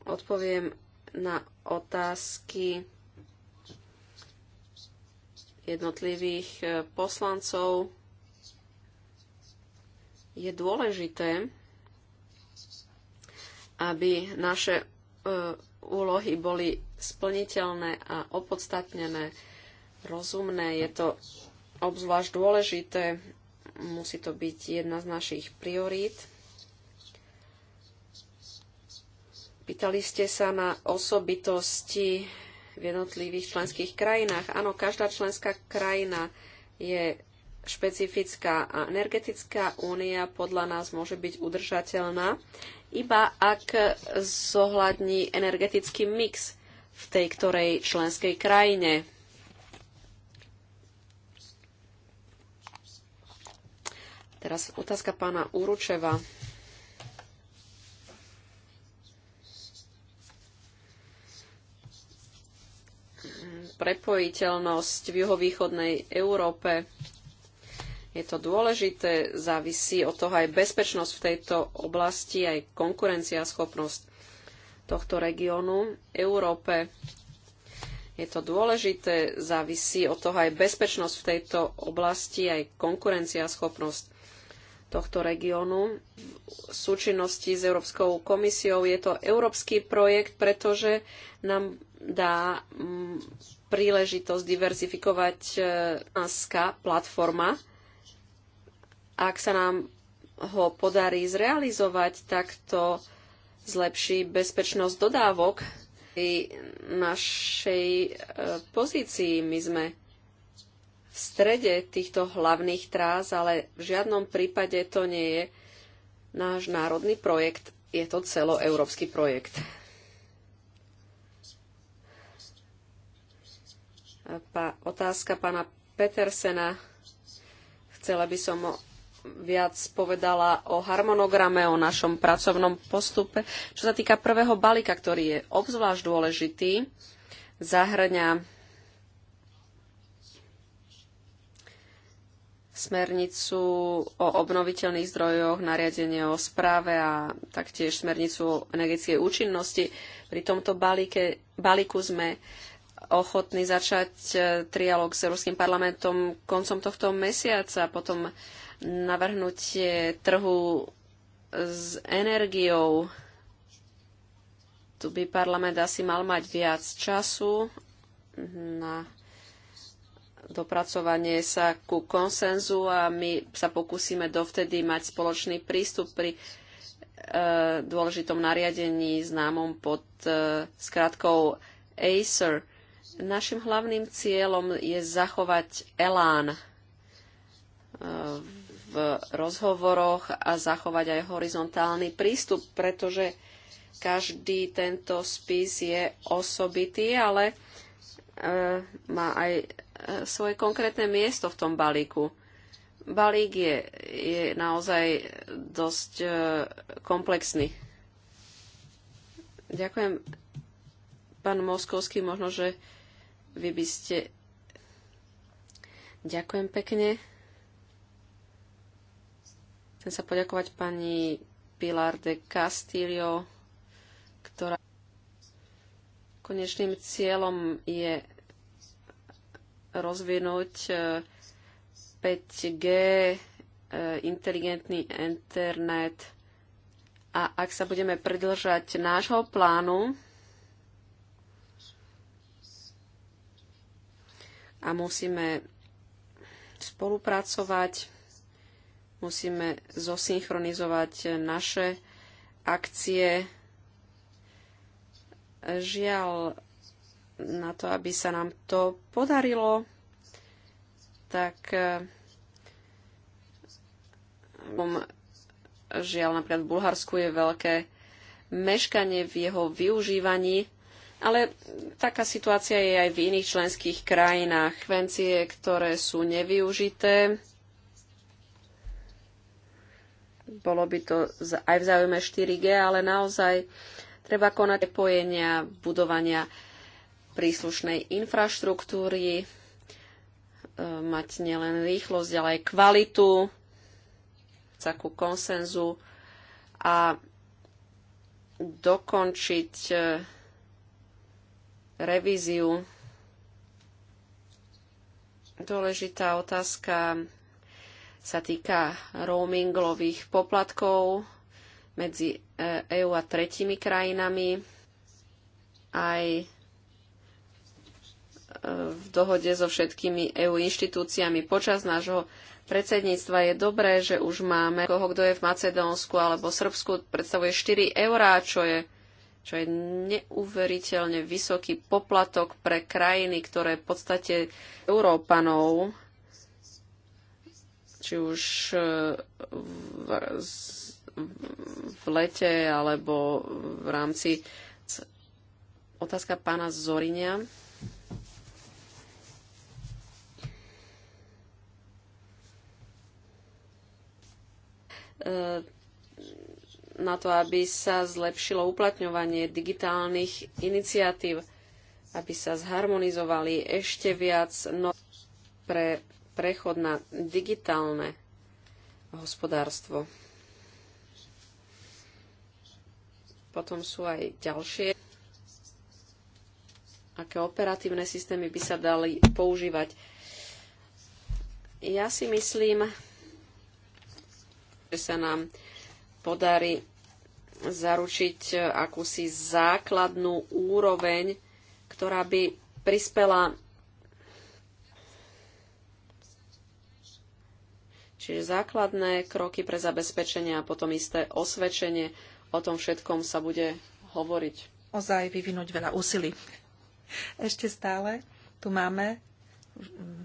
Odpoviem na otázky jednotlivých e, poslancov. Je dôležité, aby naše e, úlohy boli splniteľné a opodstatnené, rozumné. Je to obzvlášť dôležité. Musí to byť jedna z našich priorít. Pýtali ste sa na osobitosti v jednotlivých členských krajinách. Áno, každá členská krajina je špecifická a energetická únia podľa nás môže byť udržateľná, iba ak zohľadní energetický mix v tej ktorej členskej krajine. Teraz otázka pána Uručeva. Prepojiteľnosť v juhovýchodnej Európe je to dôležité, závisí od toho aj bezpečnosť v tejto oblasti, aj konkurencia schopnosť tohto regiónu Európe. Je to dôležité, závisí od toho aj bezpečnosť v tejto oblasti, aj konkurencia schopnosť tohto regiónu. V súčinnosti s Európskou komisiou je to európsky projekt, pretože nám dá mm, príležitosť diverzifikovať e, NASKA platforma. Ak sa nám ho podarí zrealizovať, tak to zlepší bezpečnosť dodávok pri našej e, pozícii. My sme v strede týchto hlavných trás, ale v žiadnom prípade to nie je náš národný projekt, je to celoeurópsky projekt. Pa, otázka pána Petersena. Chcela by som viac povedala o harmonograme, o našom pracovnom postupe. Čo sa týka prvého balíka, ktorý je obzvlášť dôležitý, zahrňa smernicu o obnoviteľných zdrojoch, nariadenie o správe a taktiež smernicu o energetickej účinnosti. Pri tomto balíke, balíku sme ochotní začať e, trialog s Európskym parlamentom koncom tohto mesiaca, a potom navrhnutie trhu s energiou. Tu by parlament asi mal mať viac času na dopracovanie sa ku konsenzu a my sa pokúsime dovtedy mať spoločný prístup pri e, dôležitom nariadení známom pod e, skratkou ACER. Našim hlavným cieľom je zachovať elán e, v rozhovoroch a zachovať aj horizontálny prístup, pretože každý tento spis je osobitý, ale e, má aj svoje konkrétne miesto v tom balíku. Balík je, je naozaj dosť e, komplexný. Ďakujem, pán Moskovský, možno, že vy by ste. Ďakujem pekne. Chcem sa poďakovať pani Pilar de Castillo, ktorá konečným cieľom je rozvinúť e, 5G, e, inteligentný internet. A ak sa budeme pridržať nášho plánu, a musíme spolupracovať, musíme zosynchronizovať naše akcie. E, žiaľ, na to, aby sa nám to podarilo, tak e, žiaľ napríklad v Bulharsku je veľké meškanie v jeho využívaní, ale taká situácia je aj v iných členských krajinách. Vencie, ktoré sú nevyužité, bolo by to aj v záujme 4G, ale naozaj treba konať prepojenia, budovania príslušnej infraštruktúry, e, mať nielen rýchlosť, ale aj kvalitu, takú konsenzu a dokončiť e, revíziu. Dôležitá otázka sa týka roamingových poplatkov medzi EÚ e a tretimi krajinami. Aj v dohode so všetkými EU inštitúciami počas nášho predsedníctva. Je dobré, že už máme koho, kto je v Macedónsku alebo Srbsku, predstavuje 4 eurá, čo je, čo je neuveriteľne vysoký poplatok pre krajiny, ktoré v podstate Európanov či už e, v, v lete alebo v rámci otázka pána Zorinia. E, na to, aby sa zlepšilo uplatňovanie digitálnych iniciatív, aby sa zharmonizovali ešte viac no pre prechod na digitálne hospodárstvo. Potom sú aj ďalšie, aké operatívne systémy by sa dali používať. Ja si myslím, že sa nám podarí zaručiť e, akúsi základnú úroveň, ktorá by prispela Čiže základné kroky pre zabezpečenie a potom isté osvedčenie o tom všetkom sa bude hovoriť. Ozaj vyvinúť veľa úsilí. Ešte stále tu máme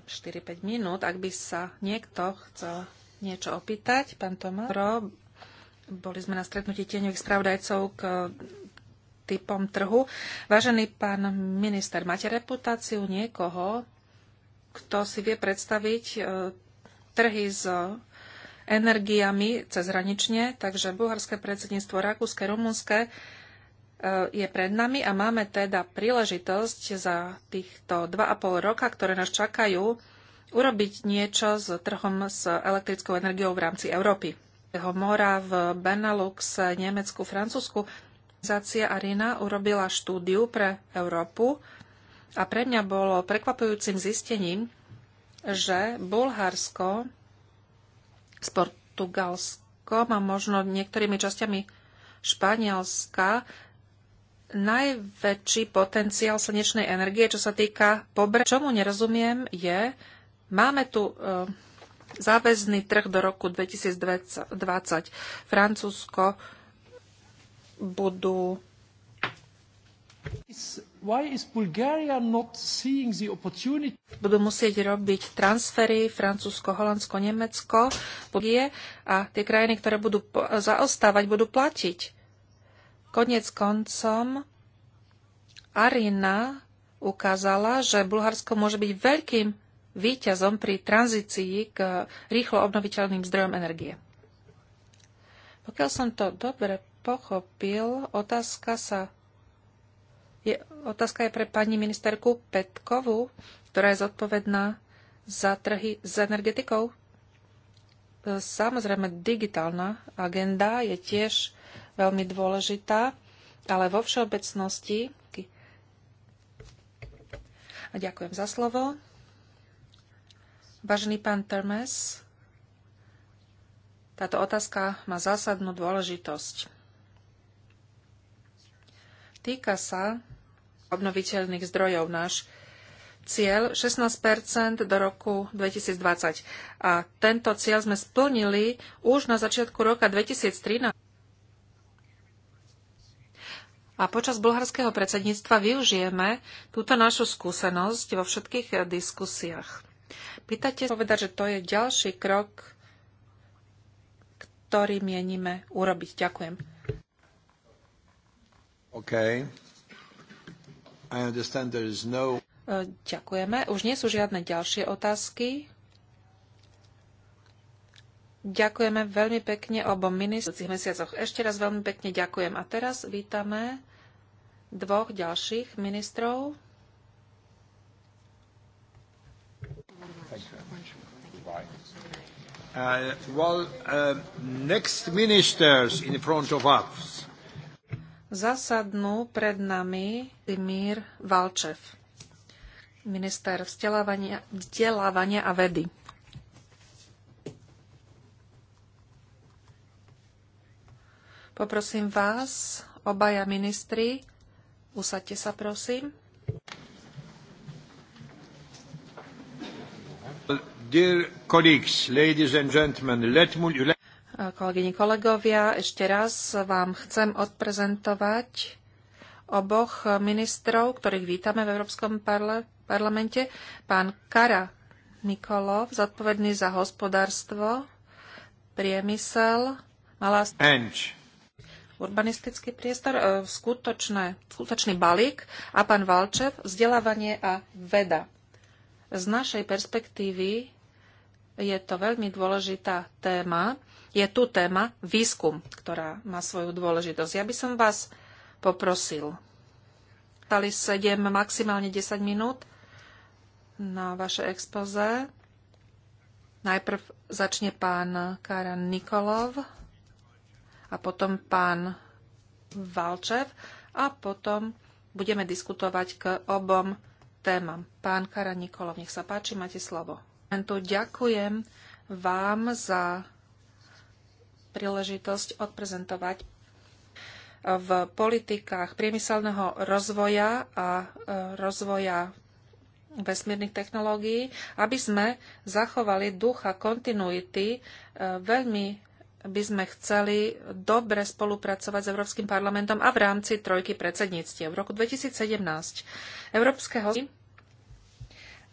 4-5 minút, ak by sa niekto chcel niečo opýtať. Pán Tomáš, boli sme na stretnutí tieňových spravodajcov k typom trhu. Vážený pán minister, máte reputáciu niekoho, kto si vie predstaviť e, trhy s energiami cezhranične, takže bulharské predsedníctvo, rakúske, rumunské e, je pred nami a máme teda príležitosť za týchto 2,5 roka, ktoré nás čakajú, urobiť niečo s trhom s elektrickou energiou v rámci Európy. Jeho mora v Benelux, Nemecku, Francúzsku. Organizácia Arina urobila štúdiu pre Európu a pre mňa bolo prekvapujúcim zistením, že Bulharsko s Portugalskom a možno niektorými časťami Španielska najväčší potenciál slnečnej energie, čo sa týka pobre. Čomu nerozumiem je, Máme tu e, záväzný trh do roku 2020. Francúzsko budú budú musieť robiť transfery Francúzsko, Holandsko, Nemecko Bulgie a tie krajiny, ktoré budú zaostávať, budú platiť. Konec koncom Arina ukázala, že Bulharsko môže byť veľkým výťazom pri tranzícii k rýchlo obnoviteľným zdrojom energie. Pokiaľ som to dobre pochopil, otázka sa je, otázka je pre pani ministerku Petkovu, ktorá je zodpovedná za trhy s energetikou. Samozrejme, digitálna agenda je tiež veľmi dôležitá, ale vo všeobecnosti. A ďakujem za slovo. Vážený pán Termes, táto otázka má zásadnú dôležitosť. Týka sa obnoviteľných zdrojov náš cieľ 16 do roku 2020. A tento cieľ sme splnili už na začiatku roka 2013. A počas bulharského predsedníctva využijeme túto našu skúsenosť vo všetkých diskusiách. Pýtate povedať, že to je ďalší krok, ktorý mienime urobiť. Ďakujem. OK. I understand there is no... E, ďakujeme. Už nie sú žiadne ďalšie otázky. Ďakujeme veľmi pekne obom ministrúcich mesiacoch. Ešte raz veľmi pekne ďakujem. A teraz vítame dvoch ďalších ministrov. Uh, uh, Zasadnú pred nami Dimír Valčev, minister vzdelávania, vzdelávania a vedy. Poprosím vás, obaja ministri, usadte sa prosím. Dear colleagues, ladies and gentlemen, let me... Kolegyni, kolegovia, ešte raz vám chcem odprezentovať oboch ministrov, ktorých vítame v Európskom parlamente. Pán Kara Nikolov, zodpovedný za hospodárstvo, priemysel, malá... Enč urbanistický priestor, e, skutočné, skutočný balík a pán Valčev vzdelávanie a veda. Z našej perspektívy je to veľmi dôležitá téma. Je tu téma výskum, ktorá má svoju dôležitosť. Ja by som vás poprosil. Stali 7, maximálne 10 minút na vaše expoze. Najprv začne pán Karan Nikolov a potom pán Valčev a potom budeme diskutovať k obom témam. Pán Karan Nikolov, nech sa páči, máte slovo parlamentu. Ďakujem vám za príležitosť odprezentovať e, v politikách priemyselného rozvoja a e, rozvoja vesmírnych technológií, aby sme zachovali ducha kontinuity. E, veľmi by sme chceli dobre spolupracovať s Európskym parlamentom a v rámci trojky predsedníctiev. V roku 2017 Európskeho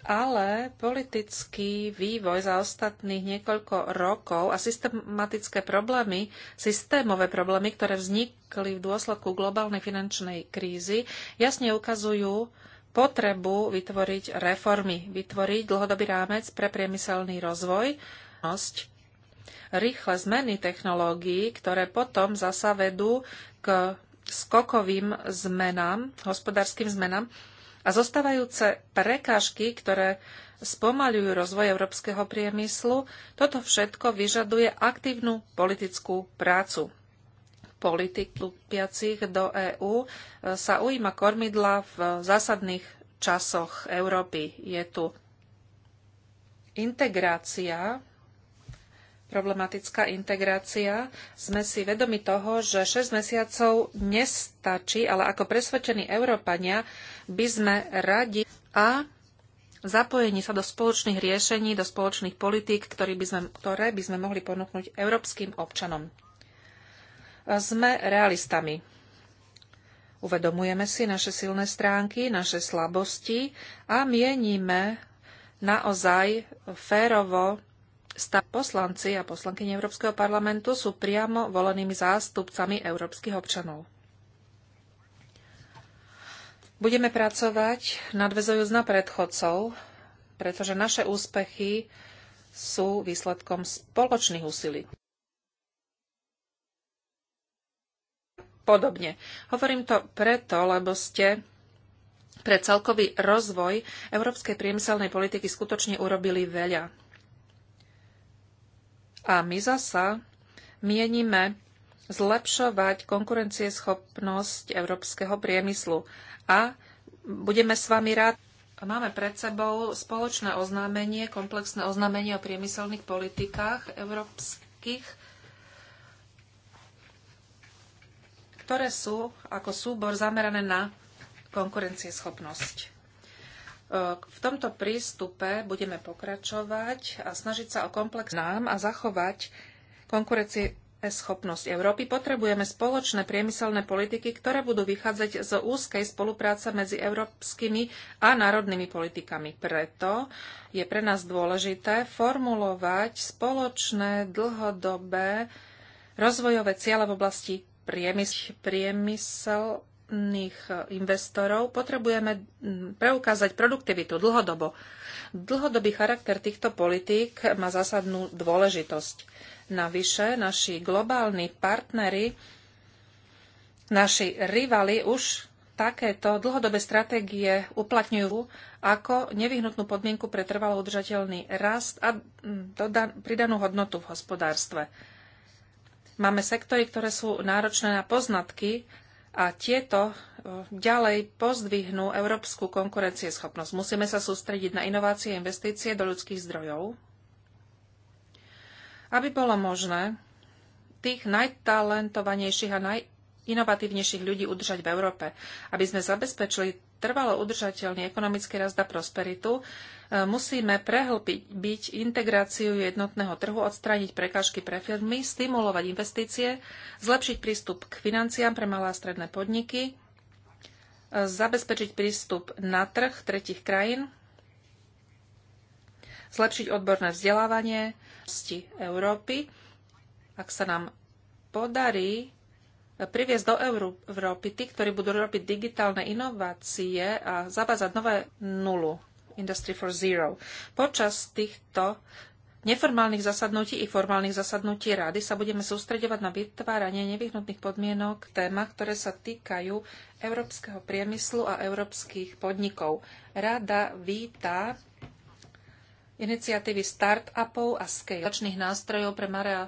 ale politický vývoj za ostatných niekoľko rokov a systematické problémy, systémové problémy, ktoré vznikli v dôsledku globálnej finančnej krízy, jasne ukazujú potrebu vytvoriť reformy, vytvoriť dlhodobý rámec pre priemyselný rozvoj, rýchle zmeny technológií, ktoré potom zasa vedú k skokovým zmenám, hospodárskym zmenám, a zostávajúce prekážky, ktoré spomaľujú rozvoj európskeho priemyslu, toto všetko vyžaduje aktívnu politickú prácu. Politik lupiacich do EÚ e, sa ujíma kormidla v zásadných časoch Európy. Je tu integrácia, problematická integrácia. Sme si vedomi toho, že 6 mesiacov nestačí, ale ako presvedčení Európania by sme radi a zapojení sa do spoločných riešení, do spoločných politík, ktoré by sme, ktoré by sme mohli ponúknuť európskym občanom. Sme realistami. Uvedomujeme si naše silné stránky, naše slabosti a mienime naozaj férovo Stav poslanci a poslankyne Európskeho parlamentu sú priamo volenými zástupcami európskych občanov. Budeme pracovať nadvezujúc na predchodcov, pretože naše úspechy sú výsledkom spoločných úsilí. Podobne. Hovorím to preto, lebo ste pre celkový rozvoj európskej priemyselnej politiky skutočne urobili veľa. A my zasa mienime zlepšovať konkurencieschopnosť európskeho priemyslu. A budeme s vami rád. Máme pred sebou spoločné oznámenie, komplexné oznámenie o priemyselných politikách európskych, ktoré sú ako súbor zamerané na konkurencieschopnosť. E, v tomto prístupe budeme pokračovať a snažiť sa o komplex nám a zachovať konkurencie schopnosť Európy, potrebujeme spoločné priemyselné politiky, ktoré budú vychádzať z úzkej spolupráce medzi európskymi a národnými politikami. Preto je pre nás dôležité formulovať spoločné dlhodobé rozvojové ciele v oblasti priemysl, priemyselných investorov. Potrebujeme mm, preukázať produktivitu dlhodobo. Dlhodobý charakter týchto politík má zásadnú dôležitosť Navyše, naši globálni partnery, naši rivali už takéto dlhodobé stratégie uplatňujú ako nevyhnutnú podmienku pre trvalo udržateľný rast a pridanú hodnotu v hospodárstve. Máme sektory, ktoré sú náročné na poznatky a tieto eh, ďalej pozdvihnú európsku konkurencieschopnosť. Musíme sa sústrediť na inovácie a investície do ľudských zdrojov aby bolo možné tých najtalentovanejších a najinovatívnejších ľudí udržať v Európe. Aby sme zabezpečili trvalo udržateľný ekonomický rast a prosperitu, e, musíme prehlbiť byť integráciu jednotného trhu, odstrániť prekážky pre firmy, stimulovať investície, zlepšiť prístup k financiám pre malé a stredné podniky, e, zabezpečiť prístup na trh tretich krajín, zlepšiť odborné vzdelávanie, časti Európy. Ak sa nám podarí eh, priviesť do Európy tí, ktorí budú robiť digitálne inovácie a zabázať nové nulu, Industry for Zero. Počas týchto neformálnych zasadnutí i formálnych zasadnutí rady sa budeme sústredovať na vytváranie nevyhnutných podmienok témach, ktoré sa týkajú európskeho priemyslu a európskych podnikov. Rada víta iniciatívy start-upov a scale nástrojov pre malé a,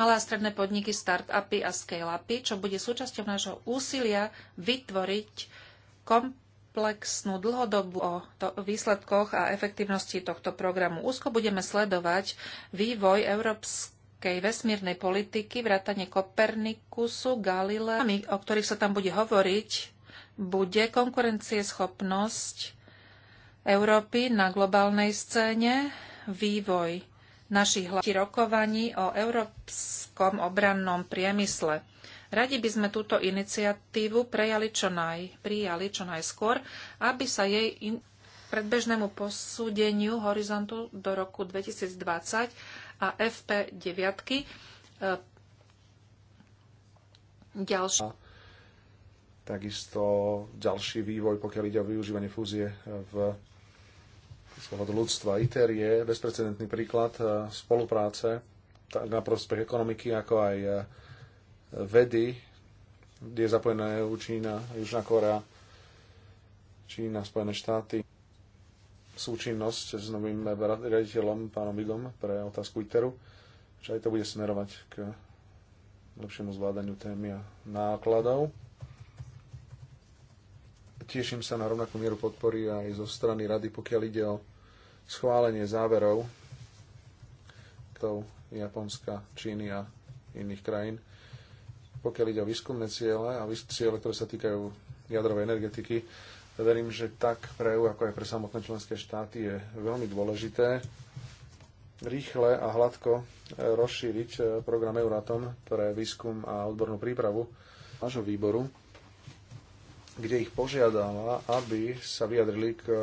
malé a stredné podniky start-upy a scale-upy, čo bude súčasťou nášho úsilia vytvoriť komplexnú dlhodobu o to, výsledkoch a efektívnosti tohto programu. Úzko budeme sledovať vývoj európskej vesmírnej politiky, vrátanie Kopernikusu, Galilea, o ktorých sa tam bude hovoriť, bude konkurencieschopnosť Európy na globálnej scéne, vývoj našich rokovaní o európskom obrannom priemysle. Radi by sme túto iniciatívu prejali čo naj, prijali čo najskôr, aby sa jej in, predbežnému posúdeniu horizontu do roku 2020 a FP9 e, ďalšie. Takisto ďalší vývoj, pokiaľ ide o využívanie fúzie e, v slobodu ľudstva. ITER je bezprecedentný príklad e, spolupráce tak na prospech ekonomiky, ako aj e, vedy, kde je zapojená EU, Čína, Južná Korea, Čína, Spojené štáty. Súčinnosť s novým riaditeľom, pánom Bigom, pre otázku ITERu, že aj to bude smerovať k lepšiemu zvládaniu témy a nákladov. Teším sa na rovnakú mieru podpory aj zo strany rady, pokiaľ ide o schválenie záverov Japonska, Číny a iných krajín. Pokiaľ ide o výskumné ciele a ciele, ktoré sa týkajú jadrovej energetiky, verím, že tak pre EU, ako aj pre samotné členské štáty je veľmi dôležité rýchle a hladko eh, rozšíriť eh, program Euratom pre výskum a odbornú prípravu nášho výboru, kde ich požiadala, aby sa vyjadrili k eh,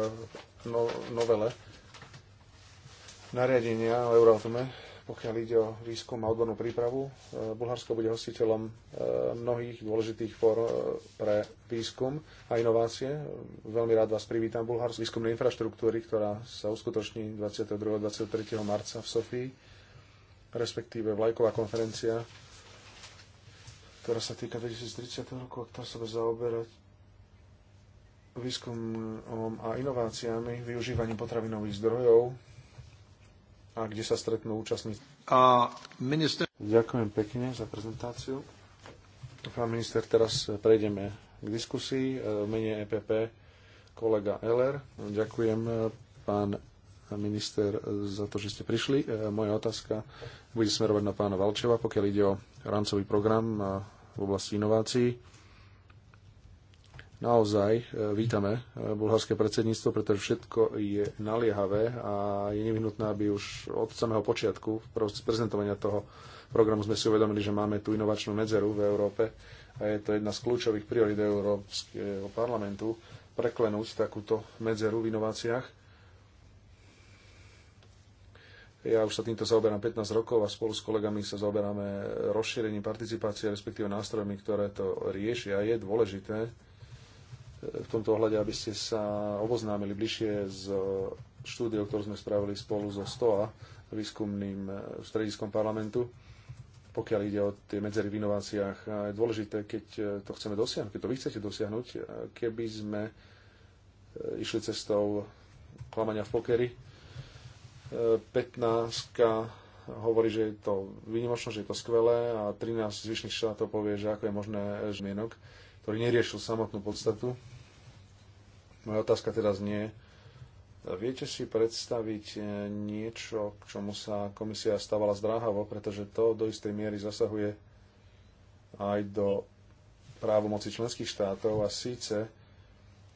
no- novele nariadenia o Euratome, pokiaľ ide o výskum a odbornú prípravu. E, Bulharsko bude hostiteľom e, mnohých dôležitých fór e, pre výskum a inovácie. Veľmi rád vás privítam Bulharsko výskumnej infraštruktúry, ktorá sa uskutoční 22. a 23. marca v Sofii, respektíve vlajková konferencia, ktorá sa týka 2030. roku, ktorá sa bude zaoberať výskumom a inováciami, využívaním potravinových zdrojov, a kde sa stretnú účastníci. A minister... Ďakujem pekne za prezentáciu. Pán minister, teraz prejdeme k diskusii. E, mene EPP kolega Eller. Ďakujem, e, pán minister, e, za to, že ste prišli. Moja otázka bude smerovať na pána Valčeva, pokiaľ ide o rámcový program v oblasti inovácií naozaj e, vítame e, bulharské predsedníctvo, pretože všetko je naliehavé a je nevyhnutné, aby už od samého počiatku prezentovania toho programu sme si uvedomili, že máme tú inovačnú medzeru v Európe a je to jedna z kľúčových priorít Európskeho parlamentu preklenúť takúto medzeru v inováciách. Ja už sa týmto zaoberám 15 rokov a spolu s kolegami sa zaoberáme rozšírením participácie, respektíve nástrojmi, ktoré to riešia. Je dôležité, v tomto ohľade, aby ste sa oboznámili bližšie s e, štúdiou, ktorú sme spravili spolu so STOA, výskumným e, strediskom parlamentu, pokiaľ ide o tie medzery v inováciách. je dôležité, keď e, to chceme dosiahnuť, keď to vy chcete dosiahnuť, keby sme išli cestou klamania v pokery. 15 hovorí, že je to výnimočné, že je to skvelé a 13 zvyšných štátov povie, že ako je možné zmienok ktorý neriešil samotnú podstatu. Moja otázka teraz nie je, Viete si predstaviť e, niečo, k čomu sa komisia stávala zdráhavo, pretože to do istej miery zasahuje aj do právomoci členských štátov a síce,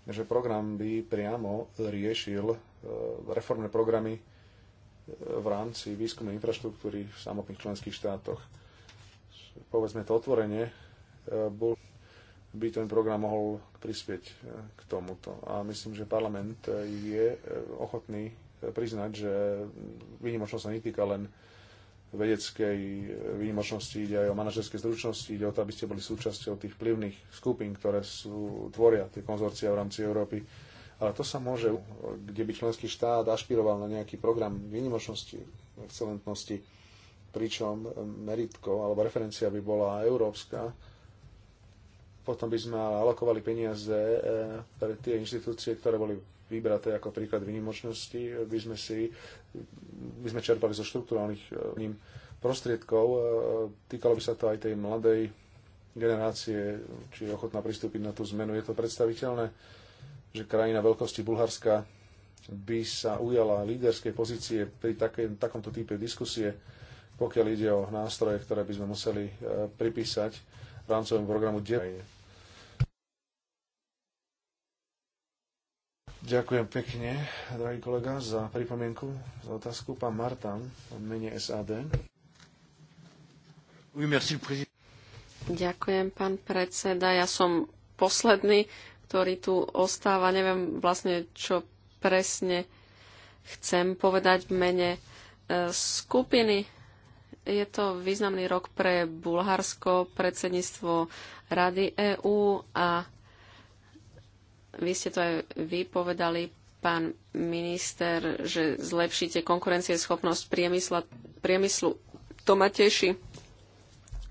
že program by priamo riešil e, reformné programy e, v rámci výskumnej infraštruktúry v samotných členských štátoch. Povedzme to otvorene, bol by ten program mohol prispieť e, k tomuto. A myslím, že parlament e, je e, ochotný priznať, že výnimočnosť sa netýka len vedeckej výnimočnosti, ide aj o manažerskej zručnosti, ide o to, aby ste boli súčasťou tých vplyvných skupín, ktoré sú, tvoria tie konzorcia v rámci Európy. Ale to sa môže, kde by členský štát ašpiroval na nejaký program výnimočnosti, excelentnosti, pričom meritko alebo referencia by bola európska, potom by sme alokovali peniaze e, pre tie inštitúcie, ktoré boli vybraté ako príklad výnimočnosti, by sme si by sme čerpali zo štruktúrálnych e, prostriedkov. E, týkalo by sa to aj tej mladej generácie, či je ochotná pristúpiť na tú zmenu. Je to predstaviteľné, že krajina veľkosti Bulharska by sa ujala líderskej pozície pri takej, takomto type diskusie, pokiaľ ide o nástroje, ktoré by sme museli pripísať rámcovému programu 9 Ďakujem pekne, drahý kolega, za pripomienku, za otázku. Pán Martan, v mene SAD. Ďakujem, pán predseda. Ja som posledný, ktorý tu ostáva. Neviem vlastne, čo presne chcem povedať v mene e, skupiny. Je to významný rok pre Bulharsko, predsedníctvo Rady EÚ a vy ste to aj vy povedali, pán minister, že zlepšíte konkurencieschopnosť priemysla, priemyslu. To ma teší.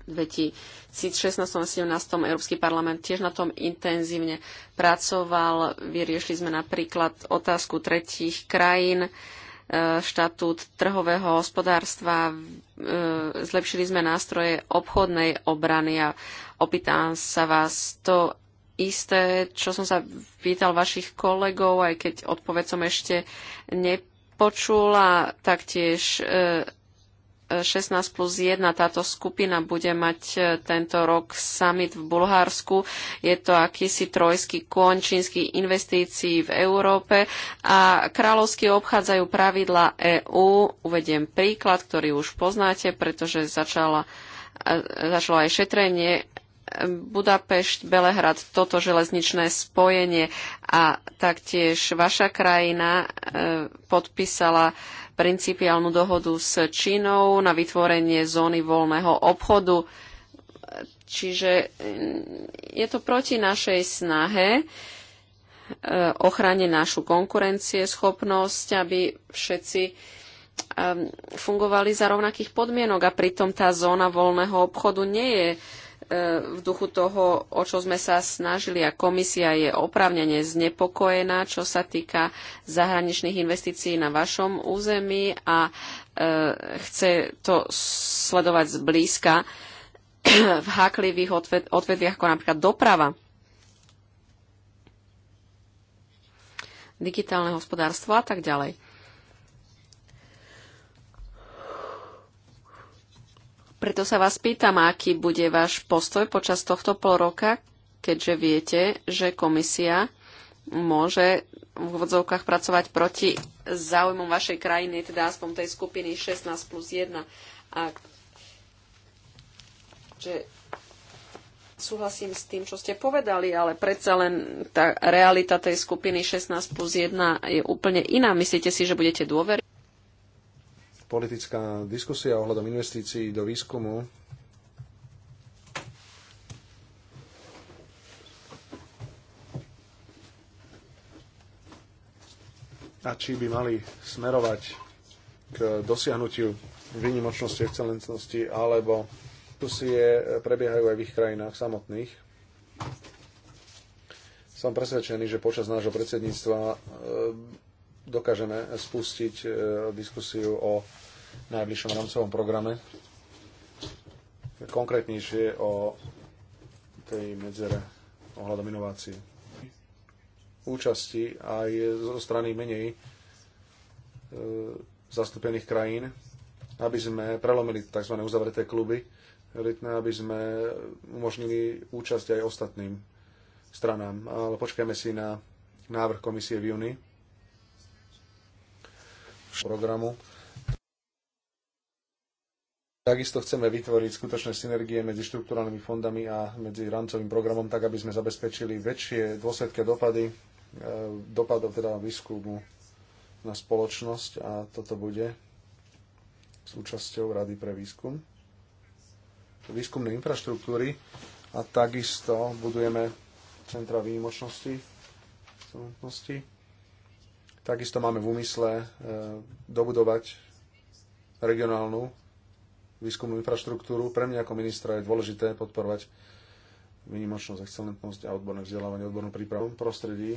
V 2016 a 2017 Európsky parlament tiež na tom intenzívne pracoval. Vyriešili sme napríklad otázku tretích krajín e, štatút trhového hospodárstva, e, zlepšili sme nástroje obchodnej obrany a opýtam sa vás, to isté, čo som sa pýtal vašich kolegov, aj keď odpoveď som ešte nepočula, taktiež 16 e, e, plus 1 táto skupina bude mať e, tento rok summit v Bulharsku. Je to akýsi trojský kon čínskych investícií v Európe a kráľovsky obchádzajú pravidla EÚ. Uvediem príklad, ktorý už poznáte, pretože začala, začalo aj šetrenie Budapešť, Belehrad, toto železničné spojenie a taktiež vaša krajina e, podpísala principiálnu dohodu s Čínou na vytvorenie zóny voľného obchodu. Čiže mm, je to proti našej snahe e, ochrániť našu schopnosť, aby všetci e, fungovali za rovnakých podmienok a pritom tá zóna voľného obchodu nie je E, v duchu toho, o čo sme sa snažili a komisia je opravnene znepokojená, čo sa týka zahraničných investícií na vašom území a e, chce to sledovať zblízka v háklivých odvetviach ako napríklad doprava. digitálne hospodárstvo a tak ďalej. Preto sa vás pýtam, aký bude váš postoj počas tohto pol roka, keďže viete, že komisia môže v úvodzovkách pracovať proti záujmom vašej krajiny, teda aspoň tej skupiny 16 plus 1. A že súhlasím s tým, čo ste povedali, ale predsa len tá realita tej skupiny 16 plus 1 je úplne iná. Myslíte si, že budete dôveriť? politická diskusia ohľadom investícií do výskumu a či by mali smerovať k dosiahnutiu výnimočnosti, excelentnosti, alebo diskusie prebiehajú aj v ich krajinách samotných. Som presvedčený, že počas nášho predsedníctva e, dokážeme spustiť e, diskusiu o najbližšom rámcovom programe, konkrétnejšie o tej medzere ohľadom inovácií. Účasti aj zo strany menej e, zastúpených krajín, aby sme prelomili tzv. uzavreté kluby, elitné, aby sme umožnili účasť aj ostatným stranám. Ale počkajme si na návrh komisie v júni programu. Takisto chceme vytvoriť skutočné synergie medzi štruktúralnými fondami a medzi rámcovým programom, tak aby sme zabezpečili väčšie dôsledky a dopady, e, dopadov teda výskumu na spoločnosť a toto bude súčasťou Rady pre výskum výskumnej infraštruktúry a takisto budujeme centra výjimočnosti, Takisto máme v úmysle e, dobudovať regionálnu výskumnú infraštruktúru. Pre mňa ako ministra je dôležité podporovať výnimočnosť, excelentnosť a odborné vzdelávanie, odbornú prípravu v prostredí.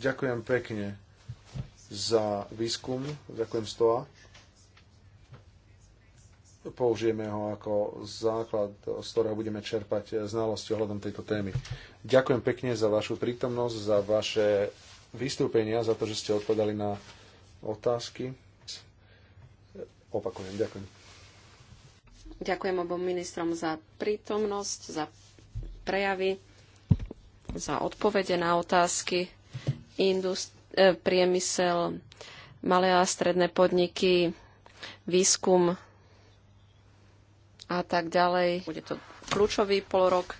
Ďakujem pekne za výskum, ďakujem STOA. Použijeme ho ako základ, z ktorého budeme čerpať znalosti ohľadom tejto témy. Ďakujem pekne za vašu prítomnosť, za vaše vystúpenia, za to, že ste odpovedali na otázky. Opakujem, ďakujem. Ďakujem obom ministrom za prítomnosť, za prejavy, za odpovede na otázky. Indust- e, priemysel, malé a stredné podniky, výskum a tak ďalej. Bude to kľúčový polorok,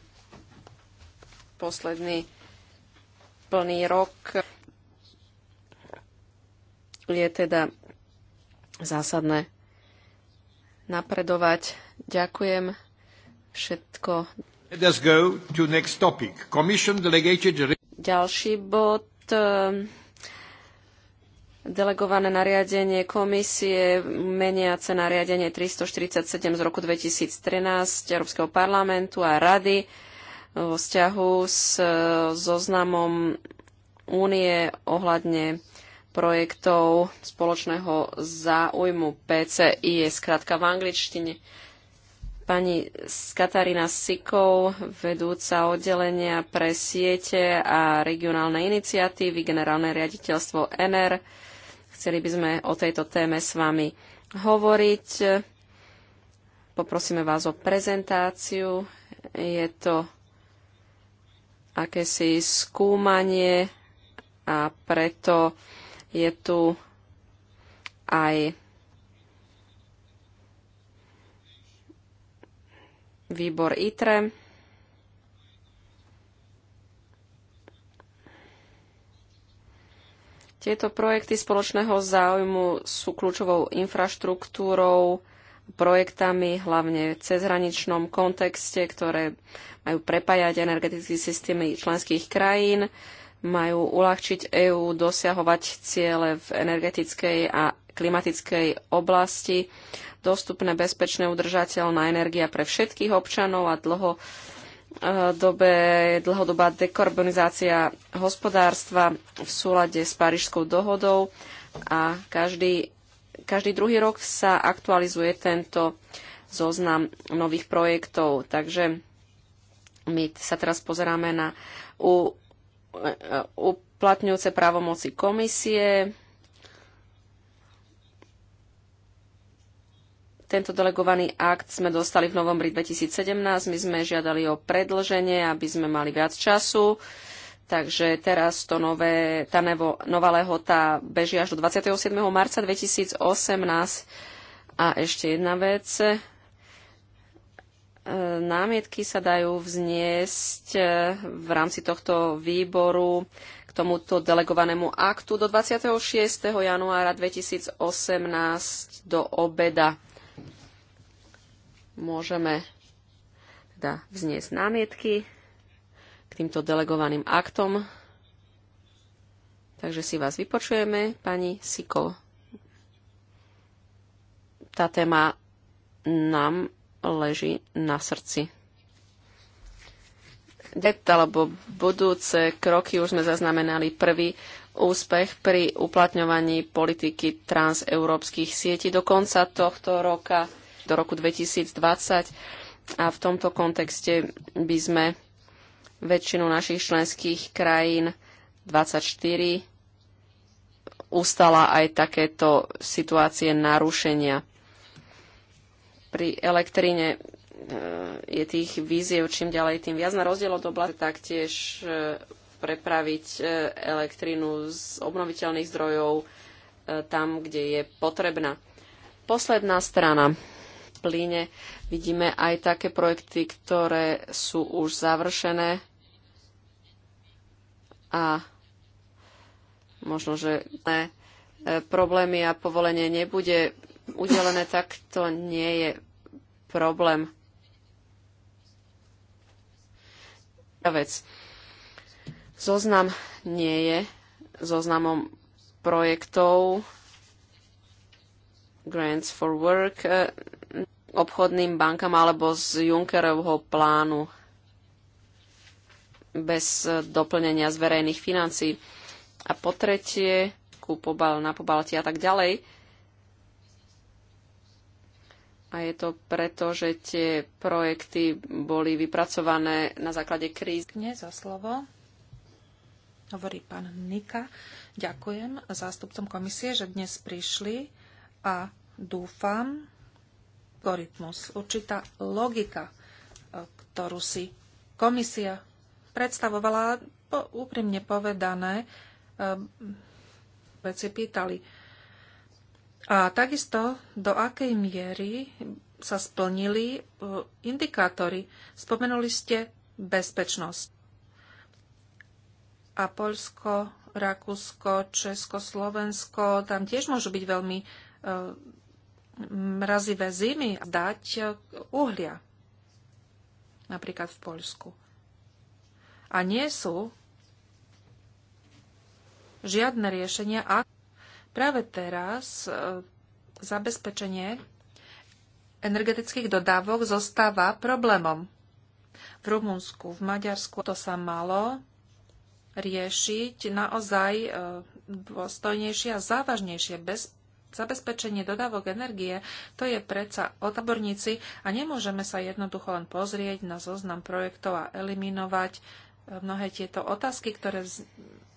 posledný plný rok je teda zásadné napredovať. Ďakujem všetko. Let us go to next topic. Commission delegated... Ďalší bod. Ehm, delegované nariadenie komisie meniace nariadenie 347 z roku 2013 Európskeho parlamentu a rady ehm, vo vzťahu s ehm, zoznamom únie ohľadne projektov spoločného záujmu. PCI je skratka v angličtine. Pani Katarína Sikov, vedúca oddelenia pre siete a regionálne iniciatívy, generálne riaditeľstvo NR. Chceli by sme o tejto téme s vami hovoriť. Poprosíme vás o prezentáciu. Je to akési skúmanie a preto je tu aj výbor ITRE. Tieto projekty spoločného záujmu sú kľúčovou infraštruktúrou, projektami, hlavne v cezhraničnom kontexte, ktoré majú prepájať energetické systémy členských krajín majú uľahčiť EÚ dosiahovať ciele v energetickej a klimatickej oblasti, dostupné, bezpečné, udržateľná energia pre všetkých občanov a dlho e, dobe, dlhodobá dekarbonizácia hospodárstva v súlade s Parížskou dohodou a každý, každý druhý rok sa aktualizuje tento zoznam nových projektov. Takže my sa teraz pozeráme na u, uplatňujúce právomoci komisie. Tento delegovaný akt sme dostali v novembri 2017. My sme žiadali o predlženie, aby sme mali viac času. Takže teraz to nové, tá nevo, nová lehota beží až do 27. marca 2018. A ešte jedna vec. E, námietky sa dajú vzniesť e, v rámci tohto výboru k tomuto delegovanému aktu do 26. januára 2018 do obeda. Môžeme teda vzniesť námietky k týmto delegovaným aktom. Takže si vás vypočujeme, pani Siko. Tá téma nám leží na srdci. Det alebo budúce kroky už sme zaznamenali prvý úspech pri uplatňovaní politiky transeurópskych sietí do konca tohto roka, do roku 2020. A v tomto kontexte by sme väčšinu našich členských krajín 24 ustala aj takéto situácie narušenia. Pri elektríne e, je tých víziev čím ďalej, tým viac. Na rozdiel od oblasti taktiež e, prepraviť e, elektrínu z obnoviteľných zdrojov tam, kde je potrebná. Posledná strana plíne vidíme aj také projekty, ktoré sú už završené a možno, že ne, problémy a povolenie nebude udelené, tak to nie je problém. Vec. Zoznam nie je zoznamom projektov Grants for Work e, obchodným bankám alebo z Junckerovho plánu bez e, doplnenia z verejných financí. A po tretie, kúpobal na pobalti a tak ďalej. A je to preto, že tie projekty boli vypracované na základe kríz. Dne za slovo hovorí pán Nika. Ďakujem zástupcom komisie, že dnes prišli a dúfam, algoritmus, určitá logika, e, ktorú si komisia predstavovala, po, úprimne povedané, e, veci pýtali, a takisto, do akej miery sa splnili e, indikátory. Spomenuli ste bezpečnosť. A Polsko, Rakúsko, Česko, Slovensko, tam tiež môžu byť veľmi e, mrazivé zimy a dať uhlia. Napríklad v Poľsku. A nie sú žiadne riešenia, ak Práve teraz e, zabezpečenie energetických dodávok zostáva problémom. V Rumunsku, v Maďarsku to sa malo riešiť naozaj e, dôstojnejšie a závažnejšie bez zabezpečenie dodávok energie, to je predsa otaborníci a nemôžeme sa jednoducho len pozrieť na zoznam projektov a eliminovať mnohé tieto otázky, ktoré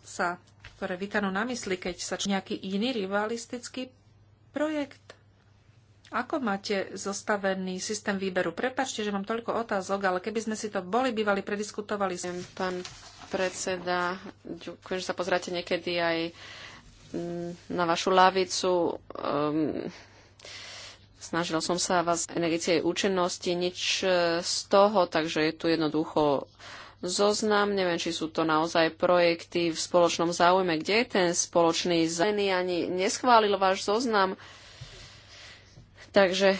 sa ktoré vytanú na mysli, keď sa nejaký iný rivalistický projekt. Ako máte zostavený systém výberu? Prepačte, že mám toľko otázok, ale keby sme si to boli bývali, prediskutovali. Pán predseda, ďakujem, že sa pozráte niekedy aj mm, na vašu lavicu. Um, ehm, snažil som sa vás energie účinnosti, nič e, z toho, takže je tu jednoducho uh, zoznam. Neviem, či sú to naozaj projekty v spoločnom záujme. Kde je ten spoločný zájmy? Ani neschválil váš zoznam. Takže e,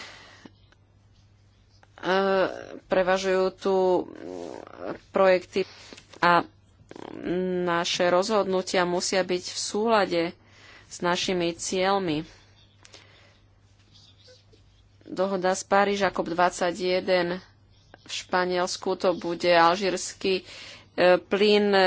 prevažujú tu projekty a naše rozhodnutia musia byť v súlade s našimi cieľmi. Dohoda z Paríža COP21 v Španielsku to bude alžírsky e, plyn e,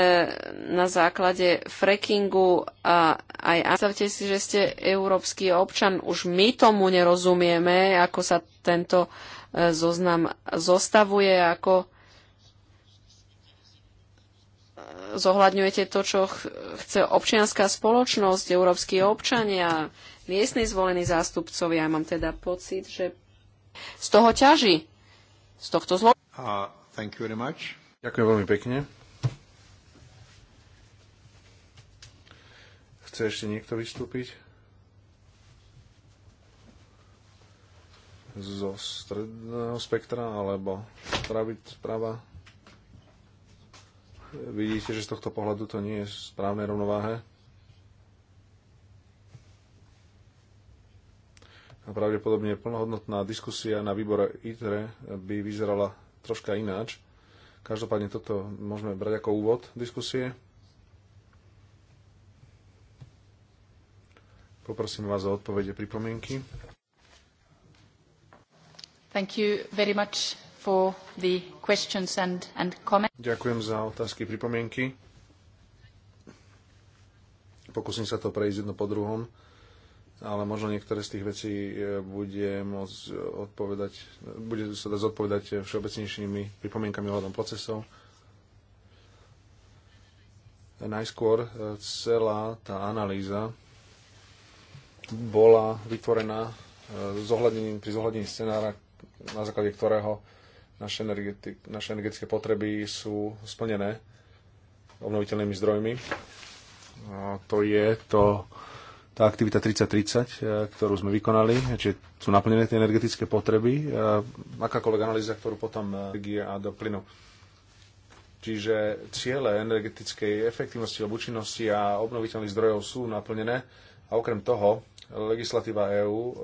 na základe frackingu a aj predstavte si, že ste európsky občan. Už my tomu nerozumieme, ako sa tento e, zoznam zostavuje, ako zohľadňujete to, čo chce občianská spoločnosť, európsky občania, miestni zvolení zástupcovia. Ja mám teda pocit, že z toho ťaží z tohto zlo. Uh, thank you very much. Ďakujem veľmi pekne. Chce ešte niekto vystúpiť? Zo stredného spektra alebo spraviť práva? Vidíte, že z tohto pohľadu to nie je správne rovnováhe. pravdepodobne plnohodnotná diskusia na výbore ITRE by vyzerala troška ináč. Každopádne toto môžeme brať ako úvod diskusie. Poprosím vás o odpovede pripomienky. Thank you very much for the questions and, and comments. Ďakujem za otázky, pripomienky. Pokúsim sa to prejsť jedno po druhom ale možno niektoré z tých vecí e, bude môcť odpovedať, bude sa dať zodpovedať e, všeobecnejšími pripomienkami ohľadom procesov. Najskôr e, celá tá analýza bola vytvorená zohľadnením, pri zohľadení scenára, na základe ktorého naše, energeti- naše energetické potreby sú splnené obnoviteľnými zdrojmi. A to je to tá aktivita 3030, e, ktorú sme vykonali, čiže sú naplnené tie energetické potreby, e, akákoľvek analýza, ktorú potom e, energie a do plynu. Čiže ciele energetickej efektivnosti alebo účinnosti a obnoviteľných zdrojov sú naplnené a okrem toho legislatíva EÚ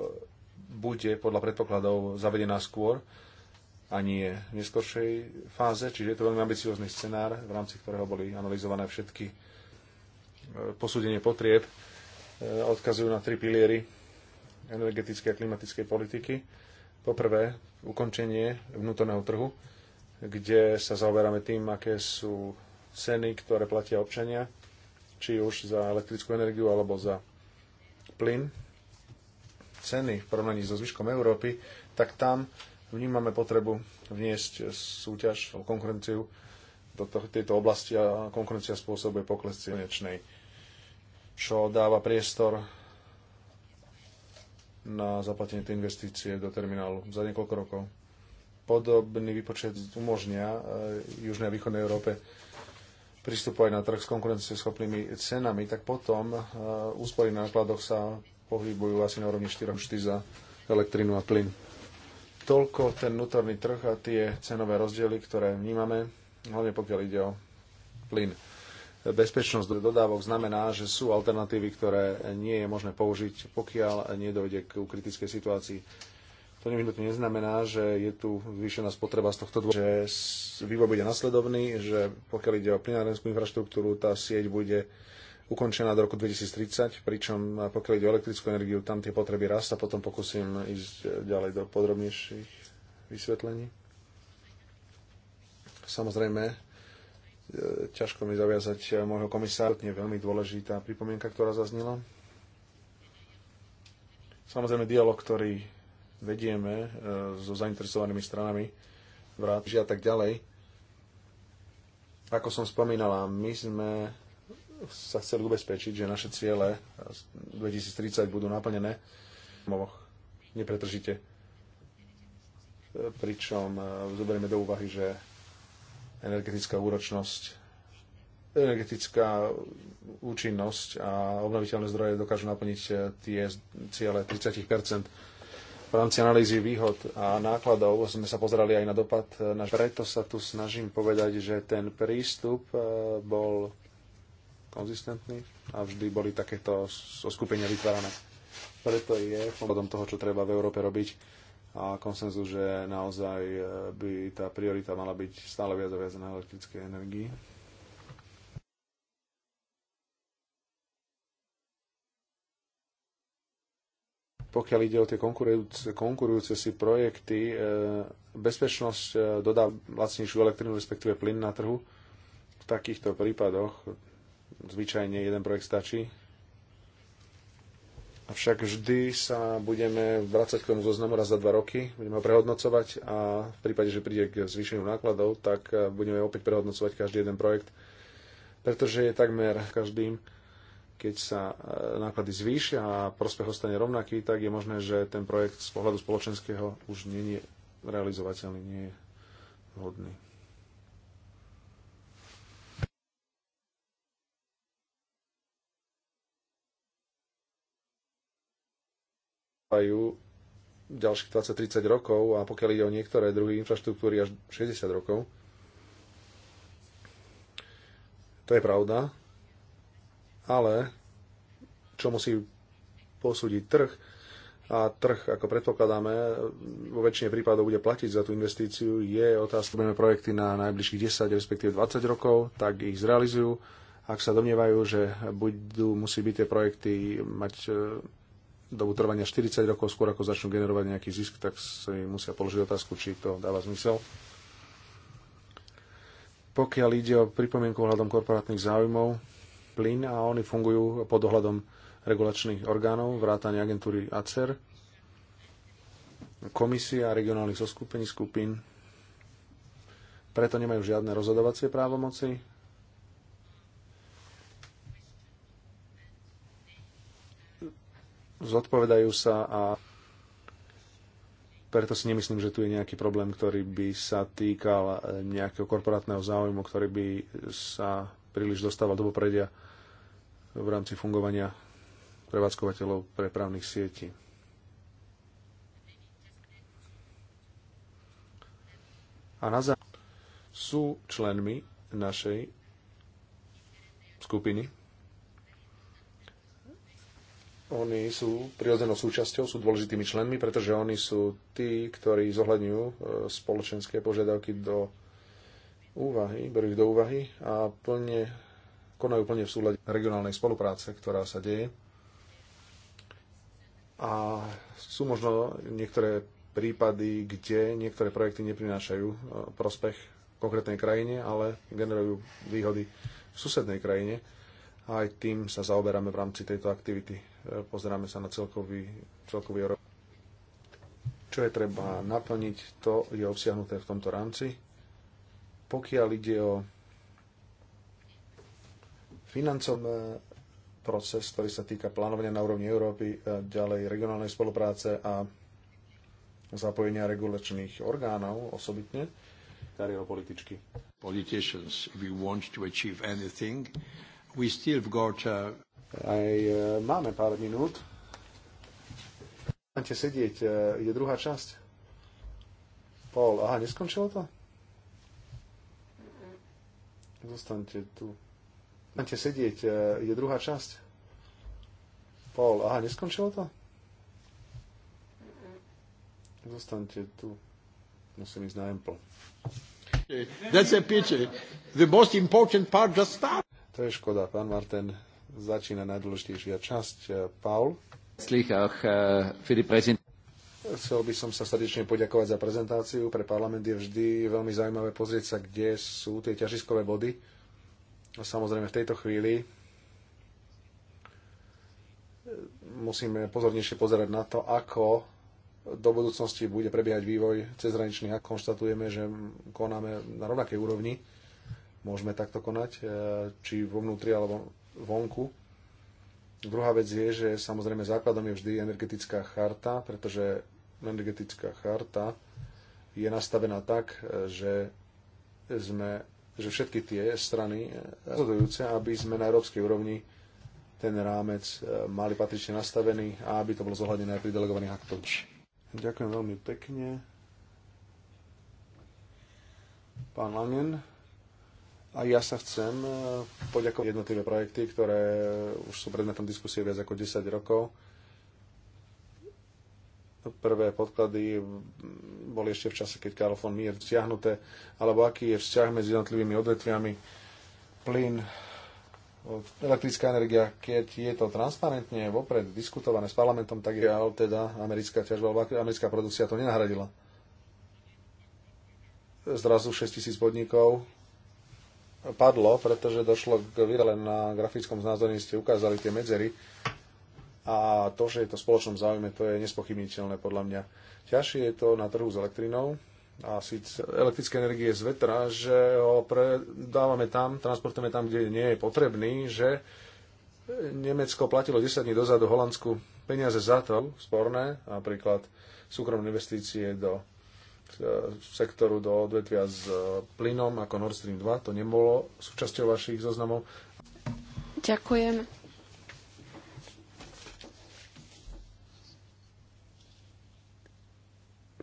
bude podľa predpokladov zavedená skôr a nie v neskoršej fáze, čiže je to veľmi ambiciózny scenár, v rámci ktorého boli analyzované všetky posúdenie potrieb E, odkazujú na tri piliery energetickej a klimatickej politiky. Poprvé, ukončenie vnútorného trhu, kde sa zaoberáme tým, aké sú ceny, ktoré platia občania, či už za elektrickú energiu alebo za plyn. Ceny v porovnaní so zvyškom Európy, tak tam vnímame potrebu vniesť súťaž o konkurenciu do tejto oblasti a konkurencia spôsobuje pokles konečnej čo dáva priestor na zaplatenie tej investície do terminálu za niekoľko rokov. Podobný výpočet umožnia eh, Južnej a Východnej Európe pristupovať na trh s konkurencieschopnými cenami, tak potom eh, úspory na nákladoch sa pohybujú asi na úrovni 4 za elektrínu a plyn. Toľko ten vnútorný trh a tie cenové rozdiely, ktoré vnímame, hlavne pokiaľ ide o plyn bezpečnosť dodávok znamená, že sú alternatívy, ktoré nie je možné použiť, pokiaľ nedojde k kritickej situácii. To nevyhnutne neznamená, že je tu zvýšená spotreba z tohto dôvodu, že vývoj bude nasledovný, že pokiaľ ide o plynárenskú infraštruktúru, tá sieť bude ukončená do roku 2030, pričom pokiaľ ide o elektrickú energiu, tam tie potreby rastú a potom pokúsim ísť ďalej do podrobnejších vysvetlení. Samozrejme, E, ťažko mi zaviazať e, môjho komisára. Je veľmi dôležitá pripomienka, ktorá zaznila. Samozrejme, dialog, ktorý vedieme e, so zainteresovanými stranami, vrátiš a tak ďalej. Ako som spomínala, my sme sa chceli ubezpečiť, že naše ciele 2030 budú naplnené nepretržite. Pričom zoberieme do úvahy, že energetická úročnosť, energetická účinnosť a obnoviteľné zdroje dokážu naplniť eh, tie ciele 30 v rámci analýzy výhod a nákladov sme sa pozerali aj na dopad. Eh, preto sa tu snažím povedať, že ten prístup eh, bol konzistentný a vždy boli takéto skupenia vytvárané. Preto je podľa toho, čo treba v Európe robiť, a konsenzu, že naozaj e, by tá priorita mala byť stále viac a viac na elektrickej energii. Pokiaľ ide o tie konkurujúce, konkurujúce si projekty, e, bezpečnosť e, dodá lacnejšiu elektrínu, respektíve plyn na trhu. V takýchto prípadoch zvyčajne jeden projekt stačí, Avšak vždy sa budeme vrácať k tomu zoznamu raz za dva roky, budeme ho prehodnocovať a v prípade, že príde k zvýšeniu nákladov, tak e, budeme opäť prehodnocovať každý jeden projekt, pretože je takmer každým, keď sa e, náklady zvýšia a prospech ostane rovnaký, tak je možné, že ten projekt z pohľadu spoločenského už nie je realizovateľný, nie je vhodný. trvajú ďalších 20-30 rokov a pokiaľ ide o niektoré druhy infraštruktúry až 60 rokov. To je pravda, ale čo musí posúdiť trh a trh, ako predpokladáme, vo väčšine prípadov bude platiť za tú investíciu, je otázka, budeme projekty na najbližších 10, respektíve 20 rokov, tak ich zrealizujú. Ak sa domnievajú, že budú, musí byť tie projekty mať dobu trvania 40 rokov, skôr ako začnú generovať nejaký zisk, tak si musia položiť otázku, či to dáva zmysel. Pokiaľ ide o pripomienku ohľadom korporátnych záujmov, plyn a oni fungujú pod ohľadom regulačných orgánov, vrátane agentúry ACER, komisia regionálnych zoskupení skupín. Preto nemajú žiadne rozhodovacie právomoci, zodpovedajú sa a preto si nemyslím, že tu je nejaký problém, ktorý by sa týkal nejakého korporátneho záujmu, ktorý by sa príliš dostával do popredia v rámci fungovania prevádzkovateľov prepravných sietí. A na zá sú členmi našej skupiny oni sú prirodzenou súčasťou, sú dôležitými členmi, pretože oni sú tí, ktorí zohľadňujú e, spoločenské požiadavky do úvahy, berú ich do úvahy a plne, konajú plne v súľade regionálnej spolupráce, ktorá sa deje. A sú možno niektoré prípady, kde niektoré projekty neprinášajú e, prospech konkrétnej krajine, ale generujú výhody v susednej krajine. A aj tým sa zaoberáme v rámci tejto aktivity pozeráme sa na celkový, celkový rok. Čo je treba naplniť, to je obsiahnuté v tomto rámci. Pokiaľ ide o financom proces, ktorý sa týka plánovania na úrovni Európy, e, ďalej regionálnej spolupráce a zapojenia regulačných orgánov osobitne, političky. Politicians, if we want to achieve anything, we still got a uh, aj e, máme pár minút. Máte sedieť, e, ide druhá časť. Paul, aha, neskončilo to? Zostaňte tu. Máte sedieť, e, ide druhá časť. Paul, aha, neskončilo to? Zostaňte tu. Musím ísť na Ample. That's a pity. The most important part just started. To je škoda, pán Martin začína najdôležitejšia časť. Eh, Paul. Eh, eh, Chcel by som sa srdečne poďakovať za prezentáciu. Pre parlament je vždy veľmi zaujímavé pozrieť sa, kde sú tie ťažiskové body. A samozrejme v tejto chvíli musíme pozornejšie pozerať na to, ako do budúcnosti bude prebiehať vývoj cezhraničný, ak konštatujeme, že konáme na rovnakej úrovni, môžeme takto konať, či vo vnútri alebo vonku. Druhá vec je, že samozrejme základom je vždy energetická charta, pretože energetická charta je nastavená tak, že sme že všetky tie strany rozhodujúce, aby sme na európskej úrovni ten rámec e, mali patrične nastavený a aby to bolo zohľadené aj pri delegovaných aktoch. Ďakujem veľmi pekne. Pán Langen. A ja sa chcem e, poďakovať jednotlivé projekty, ktoré už sú predmetom diskusie viac ako 10 rokov. No, prvé podklady boli ešte v čase, keď Karl von Mier stiahnuté, alebo aký je vzťah medzi jednotlivými odvetviami plyn, e, elektrická energia, keď je to transparentne vopred diskutované s parlamentom, tak je teda americká ťažba, alebo americká produkcia to nenahradila. Zrazu 6000 podnikov padlo, pretože došlo k virale na grafickom znázorní, ste ukázali tie medzery a to, že je to v spoločnom záujme, to je nespochybniteľné podľa mňa. Ťažšie je to na trhu s elektrinou a síce elektrické energie z vetra, že ho predávame tam, transportujeme tam, kde nie je potrebný, že Nemecko platilo 10 dní dozadu Holandsku peniaze za to, sporné, napríklad súkromné investície do E, sektoru, do odvetvia s e, plynom ako Nord Stream 2. To nebolo súčasťou vašich zoznamov. Ďakujem.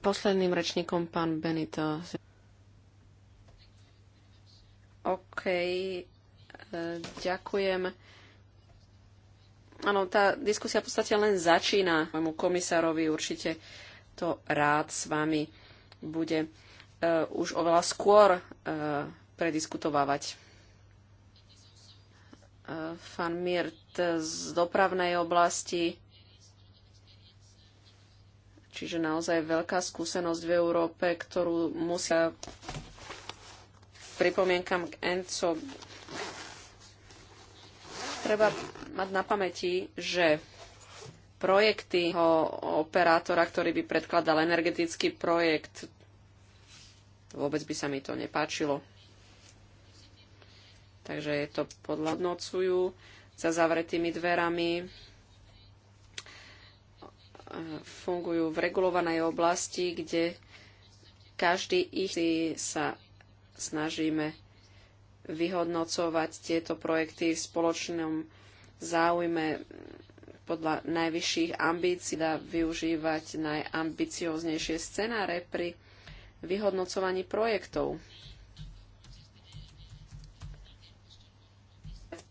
Posledným rečníkom pán Benito. OK, e, ďakujem. Áno, tá diskusia v podstate len začína. mojemu komisárovi určite to rád s vami bude e, už oveľa skôr e, prediskutovávať. Fan e, Mirt z dopravnej oblasti, čiže naozaj veľká skúsenosť v Európe, ktorú musia pripomienkam k ENCO. Treba mať na pamäti, že projekty operátora, ktorý by predkladal energetický projekt, Vôbec by sa mi to nepáčilo. Takže je to podľadnocujú za zavretými dverami. Fungujú v regulovanej oblasti, kde každý ich sa snažíme vyhodnocovať tieto projekty v spoločnom záujme podľa najvyšších ambícií, dá využívať najambicioznejšie scenáre pri vyhodnocovaní projektov.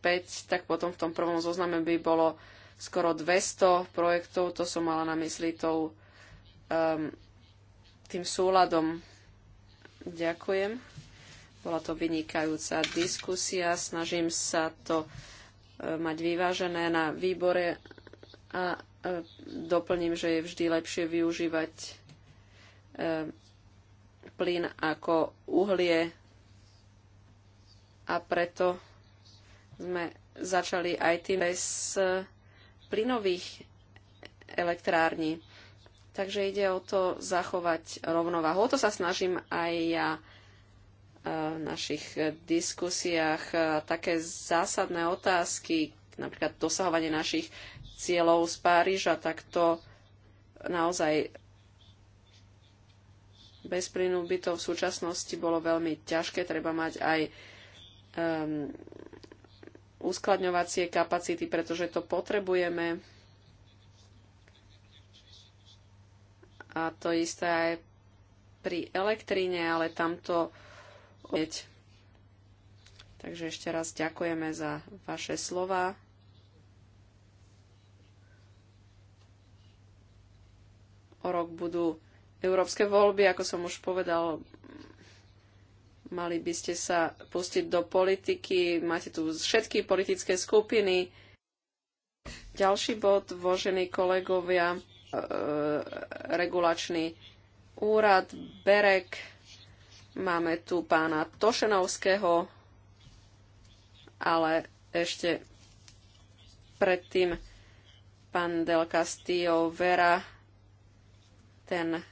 5, tak potom v tom prvom zozname by bolo skoro 200 projektov, to som mala na mysli tou, um, tým súladom. Ďakujem. Bola to vynikajúca diskusia, snažím sa to e, mať vyvážené na výbore a e, doplním, že je vždy lepšie využívať e, plyn ako uhlie a preto sme začali aj tým bez eh, plynových elektrární. Takže ide o to zachovať rovnováhu. O to sa snažím aj ja eh, v našich diskusiách. Eh, také zásadné otázky, napríklad dosahovanie našich cieľov z Páriža, tak to naozaj bez plynu by to v súčasnosti bolo veľmi ťažké, treba mať aj um, uskladňovacie kapacity, pretože to potrebujeme. A to isté aj pri elektríne, ale tamto opäť. Takže ešte raz ďakujeme za vaše slova. O rok budú Európske voľby, ako som už povedal, mali by ste sa pustiť do politiky. Máte tu všetky politické skupiny. Ďalší bod, vožení kolegovia, e, regulačný úrad, Berek. Máme tu pána Tošenovského, ale ešte predtým pán Del Castillo Vera, ten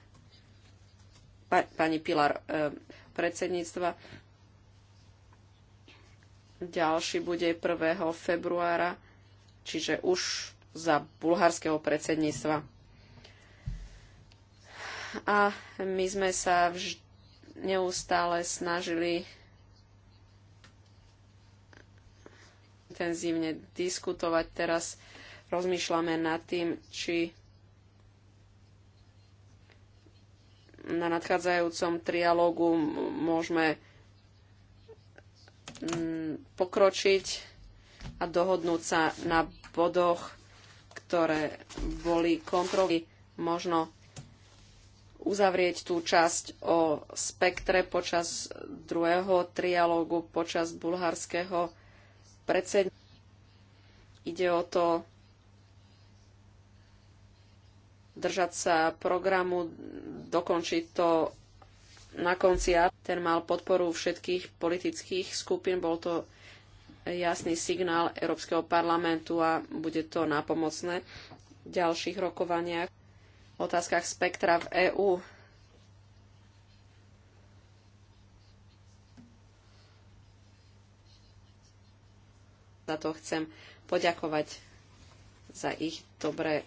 pa, pani Pilar e, predsedníctva. Ďalší bude 1. februára, čiže už za bulharského predsedníctva. A my sme sa vž- neustále snažili intenzívne diskutovať. Teraz rozmýšľame nad tým, či na nadchádzajúcom trialógu môžeme pokročiť a dohodnúť sa na bodoch, ktoré boli kontroly. Možno uzavrieť tú časť o spektre počas druhého trialógu, počas bulharského predsedníctva. Ide o to držať sa programu, dokončiť to na konci. Ten mal podporu všetkých politických skupín, bol to jasný signál Európskeho parlamentu a bude to nápomocné v ďalších rokovaniach v otázkach spektra v EÚ. Za to chcem poďakovať za ich dobré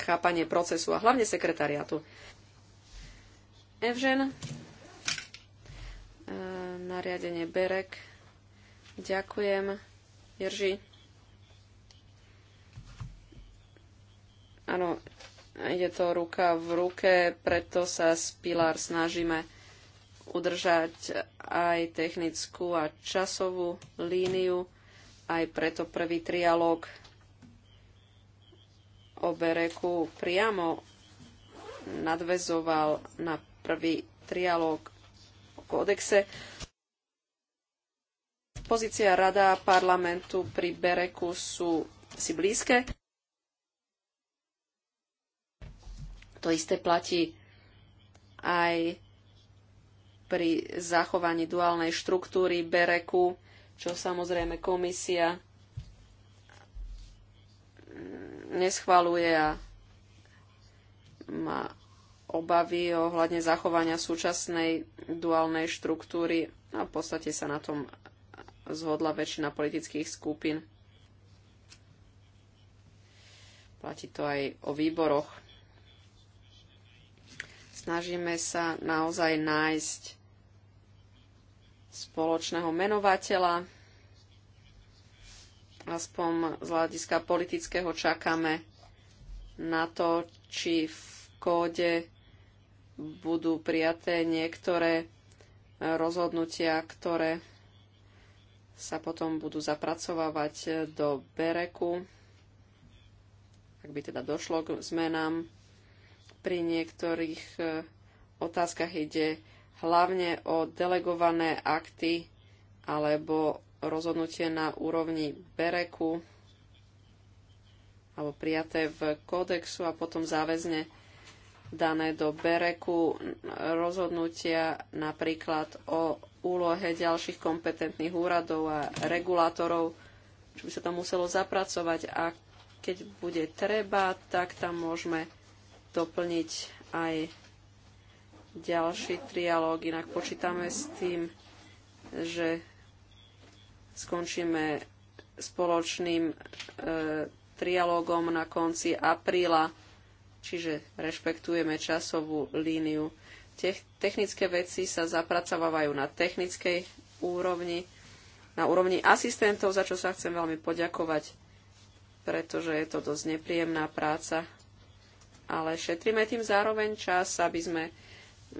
chápanie procesu a hlavne sekretariátu. Evžen, e, nariadenie Berek. Ďakujem. Jerži. Áno, ide to ruka v ruke, preto sa s Pilar snažíme udržať aj technickú a časovú líniu, aj preto prvý trialóg o Bereku priamo nadvezoval na prvý trialóg o kódexe. Pozícia Rada a parlamentu pri Bereku sú si blízke. To isté platí aj pri zachovaní duálnej štruktúry Bereku, čo samozrejme komisia neschvaluje a má obavy ohľadne zachovania súčasnej duálnej štruktúry a v podstate sa na tom zhodla väčšina politických skupín. Platí to aj o výboroch. Snažíme sa naozaj nájsť spoločného menovateľa aspoň z hľadiska politického čakáme na to, či v kóde budú prijaté niektoré rozhodnutia, ktoré sa potom budú zapracovávať do Bereku, ak by teda došlo k zmenám. Pri niektorých e, otázkach ide hlavne o delegované akty alebo rozhodnutie na úrovni Bereku alebo prijaté v kódexu a potom záväzne dané do Bereku rozhodnutia napríklad o úlohe ďalších kompetentných úradov a regulátorov, čo by sa tam muselo zapracovať a keď bude treba, tak tam môžeme doplniť aj ďalší trialóg. Inak počítame s tým, že Skončíme spoločným e, trialógom na konci apríla, čiže rešpektujeme časovú líniu. technické veci sa zapracovávajú na technickej úrovni, na úrovni asistentov, za čo sa chcem veľmi poďakovať, pretože je to dosť nepríjemná práca. Ale šetríme tým zároveň čas, aby sme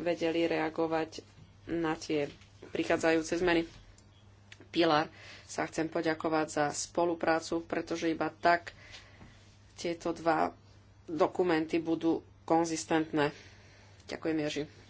vedeli reagovať na tie prichádzajúce zmeny. Pilar sa chcem poďakovať za spoluprácu, pretože iba tak tieto dva dokumenty budú konzistentné. Ďakujem, Ježi.